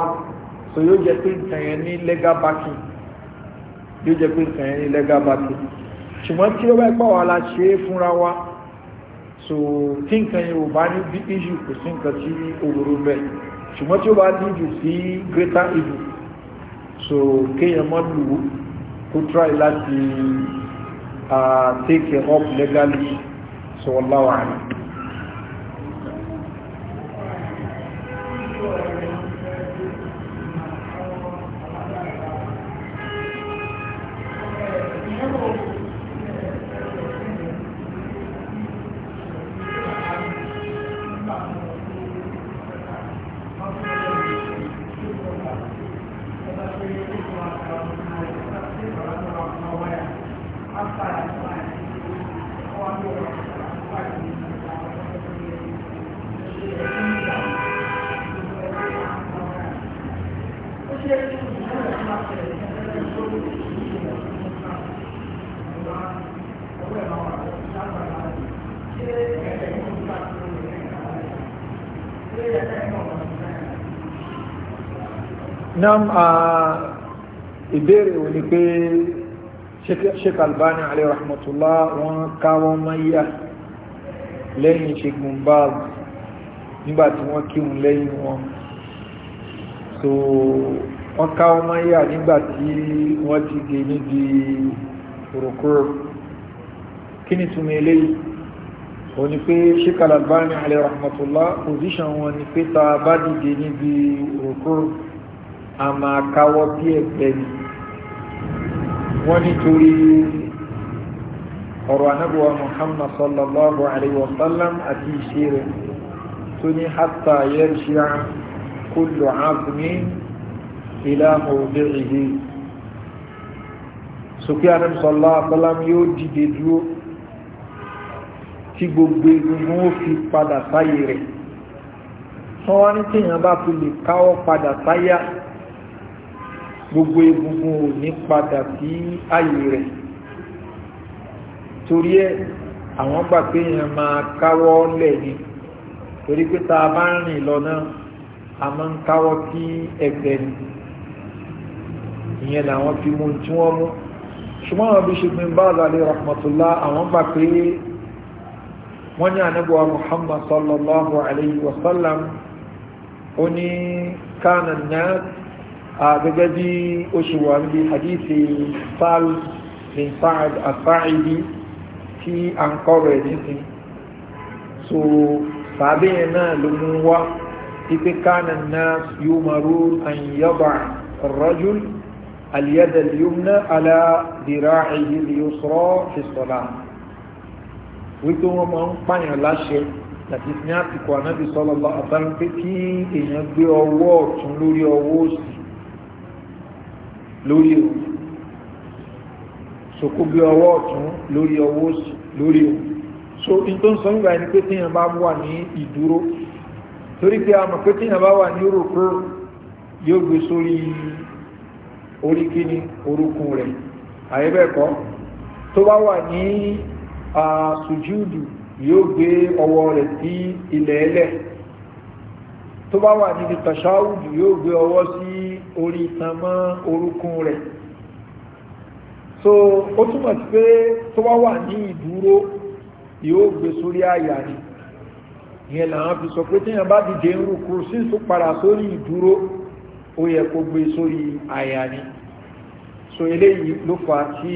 Speaker 1: so yóò jẹ pé nǹkan yẹn ní legal backing yóò jẹ pé nǹkan yẹn ní legal backing ṣùgbọ́n tí ó bá pọ̀ wá la ṣe é fúnra wa so tí nǹkan yẹn ò bá ní bí issue kò sí nǹkan tí olóró bẹ ṣùgbọ́n tí ó bá níjù sí greater evil so kéèyàn mọ́ lù ú kó try láti uh, take it up legally so wallahu a'lam. nam ìbéèrè wò ni pé sheikh albani alayhi rahmatullah wọn káwọn mayá lẹ́yìn sheikh mumbaz nígbà tí wọ́n kírun lẹ́yìn wọn so wọ́n káwọn mayá nígbà tí wọ́n ti dé níbi òròkúrò kí ni túnmọ̀ eléyìí o ni pé sheikh albani alayhi rahmatullah position wọn ni pé ta bá dìde níbi òròkúrò a máa káwọ́ bí ẹ̀fẹ́ ni wọ́n nítorí ọ̀rọ̀ anábíwá muhammad sallallahu alaihi wa sallam àti ìṣe rẹ̀ tó ní hatta yarji'a kullu azmin ila mawdi'ihi sókè anábí sallallahu alaihi wa sallam yóò dìde dúró tí gbogbo egungun ó fi padà sáyé rẹ̀ wọ́n wá ní tí èèyàn bá fi lè káwọ́ padà sáyà gbogbo egungun ò ní padà sí ààyè rẹ̀ torí ẹ̀ àwọn gbà pé èèyàn máa káwọ́ lẹ̀ ni torí pé tá a bá ń rìn lọ náà a máa ń káwọ́ sí ẹ̀gbẹ́ ni ìyẹn làwọn fi mú tí wọ́n mú ṣùgbọ́n àwọn bí ṣùgbọ́n bá àlàlẹ́ rahmatulá àwọn gbà pé wọ́n ní ànábọ̀wá muhammad sallallahu alayhi wa sallam ó ní kánà náà gẹ́gẹ́ bí ó ṣe wà ní hadithi sal bin sa'ad afa'idi tí a ń kọ́ rẹ̀ nísìn so sàbẹ̀yẹn náà ló mú wá ipe kánà náà yóò marú an yaba rajul اليد اليمنى على ذراعه اليسرى في الصلاه wípé wọ́n máa ń pààyàn láṣẹ àti ní àsìkò ànábì sọ́lọ́lá àtàrí pé kí èèyàn gbé ọwọ́ ọ̀tún lórí ọwọ́ òsì lórí o so kó gbé ọwọ́ ọ̀tún lórí ọwọ́ lórí o so in tó ń sọ nígbà ẹni pé tíyàn bá wà ní ìdúró torí pé a mọ̀ pé tíyàn bá wà ní òrùkú yóò gbé sórí orí kíní orúkún rẹ̀ àyẹ́bẹ̀kọ́ tó bá wà ní sùjúdù yóò gbé ọwọ́ rẹ̀ sí ilẹ̀ ẹlẹ̀ tó bá wà níbi tàṣáwùdù yóò gbé ọwọ́ sí orí tan mọ́ orúkún rẹ̀ so ó túmọ̀ sí pé tó bá wà ní ìdúró yóò gbé sórí àyà ni ìyẹn làwọn fi sọ pé téèyàn bá dìde ń rúkú sí tó padà sórí ìdúró ó yẹ kó gbé sórí àyà ni so eléyìí ló fà á tí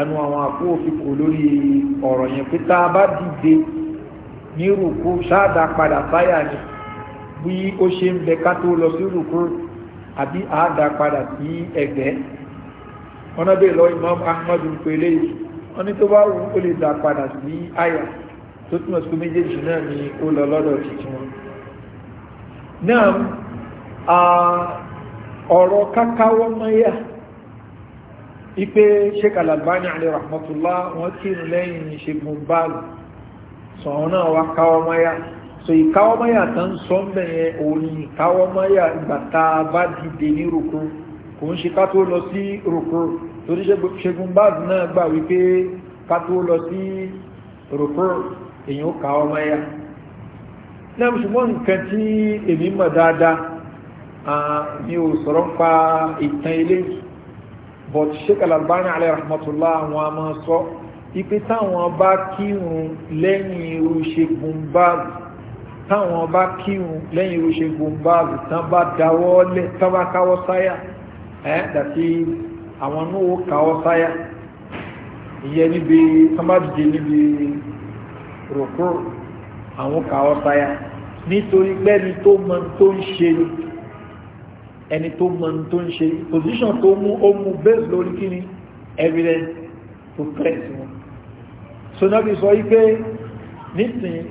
Speaker 1: ẹnu àwọn àpò òfin kò lórí ọ̀rọ̀ yẹn pé tá a bá dìde ní rúkú ṣáàdà padà sáyà ni bí ó ṣe ń bẹ ká tó lọ sí rúkú àbí àádá padà sí ẹgbẹ́ ọ̀nà bẹ́ẹ̀ lọ imam ahmadu ń pè léyìí wọ́n ní tó bá wù ó lè dá padà sí àyà tó túnmọ̀ sí méjèèjì náà ni ó lọ lọ́dọ̀ títí wọn náà ọ̀rọ̀ kákáwọ́ mọ́yà ipe sheik alalbani alẹ́ rahmatullah wọ́n kírun lẹ́yìn ṣe gbùnbáàlù sọ̀rọ̀ náà wá káwọ́ mọ́yà so ìkáwọ́mọ́yà tó ń sọ mẹ́ẹ̀ òun ìkáwọ́mọ́yà ìgbàta bá dìde ní rùkú kò ń ṣe ká tó lọ sí rùkú torí ṣegun báàzì náà gbà wípé ká tó lọ sí rùkú èyàn ó káwọ́mọ́yà náà ṣùgbọ́n nǹkan tí èmi mọ̀ dáadáa mi ò sọ̀rọ̀ ń pa ìtàn ilé but sheik alalbani alayhi rahmatullah àwọn a máa sọ ipe táwọn bá kírun lẹ́yìn irú ṣegun báàzì táwọn bá kírun lẹ́yìn oṣù gbòǹbáàlù tán bá dáwọ́ lẹ̀ tán bá káwọ́ sáyà ẹ́ dàtí àwọn náà ó káwọ́ sáyà ìyẹn níbi tán bá dìde níbi rògbò àwọn káwọ́ sáyà nítorí pẹ́ni tó mọ tó ń ṣe ẹni tó mọ tó ń ṣe position tó mú ó mú bẹ́ẹ̀ lórí kí ni evidence to press wọn. so náà fi sọ yí pé nísìnyí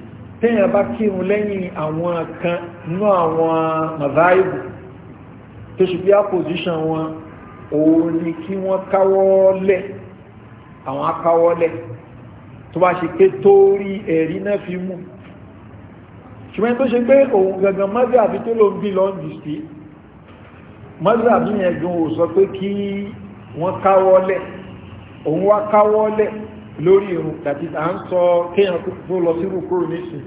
Speaker 1: téèyàn bá kírun lẹ́yìn àwọn kan nínú àwọn mazaibu tó ṣe bí àpòsíṣàn wọn òun ni kí wọ́n káwọ́lẹ̀ àwọn akáwọ́lẹ̀ tó bá ṣe pé tó rí ẹ̀rí náà fi mú ṣùgbọ́n tó ṣe pé òun gangan mazaibu tó ló ń bí lọ́njì sí mazaibu yẹn gan ò sọ pé kí wọ́n káwọ́lẹ̀ òun wá káwọ́lẹ̀ lórí irun tàbí à ń sọ kéèyàn tó lọ sí rúkúrò nísìn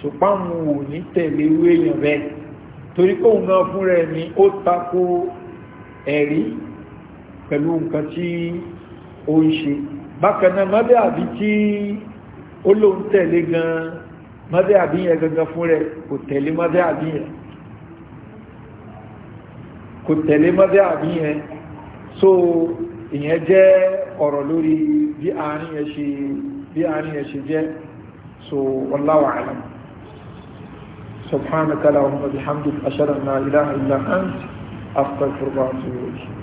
Speaker 1: ṣùgbọ́n òun ò ní tẹ̀lé irú èèyàn bẹ́ẹ̀ torí kóun náà fún rẹ̀ ni ó tako ẹ̀rí pẹ̀lú nǹkan tí ó ń ṣe bákan náà mọ́bẹ́ àbí tí ó lóun tẹ̀lé gan-an mọ́bẹ́ àbí yẹn gangan fún rẹ̀ kò tẹ̀lé mọ́bẹ́ àbí yẹn kò tẹ̀lé mọ́bẹ́ àbí yẹn so ìyẹn jẹ́ ọ̀rọ̀ lórí bí àárín ẹ̀ ṣe jẹ́ so wallahu a'lam subhanaka allahumma bihamdika ashhadu an la ilaha illa anta astaghfiruka wa atubu ilayk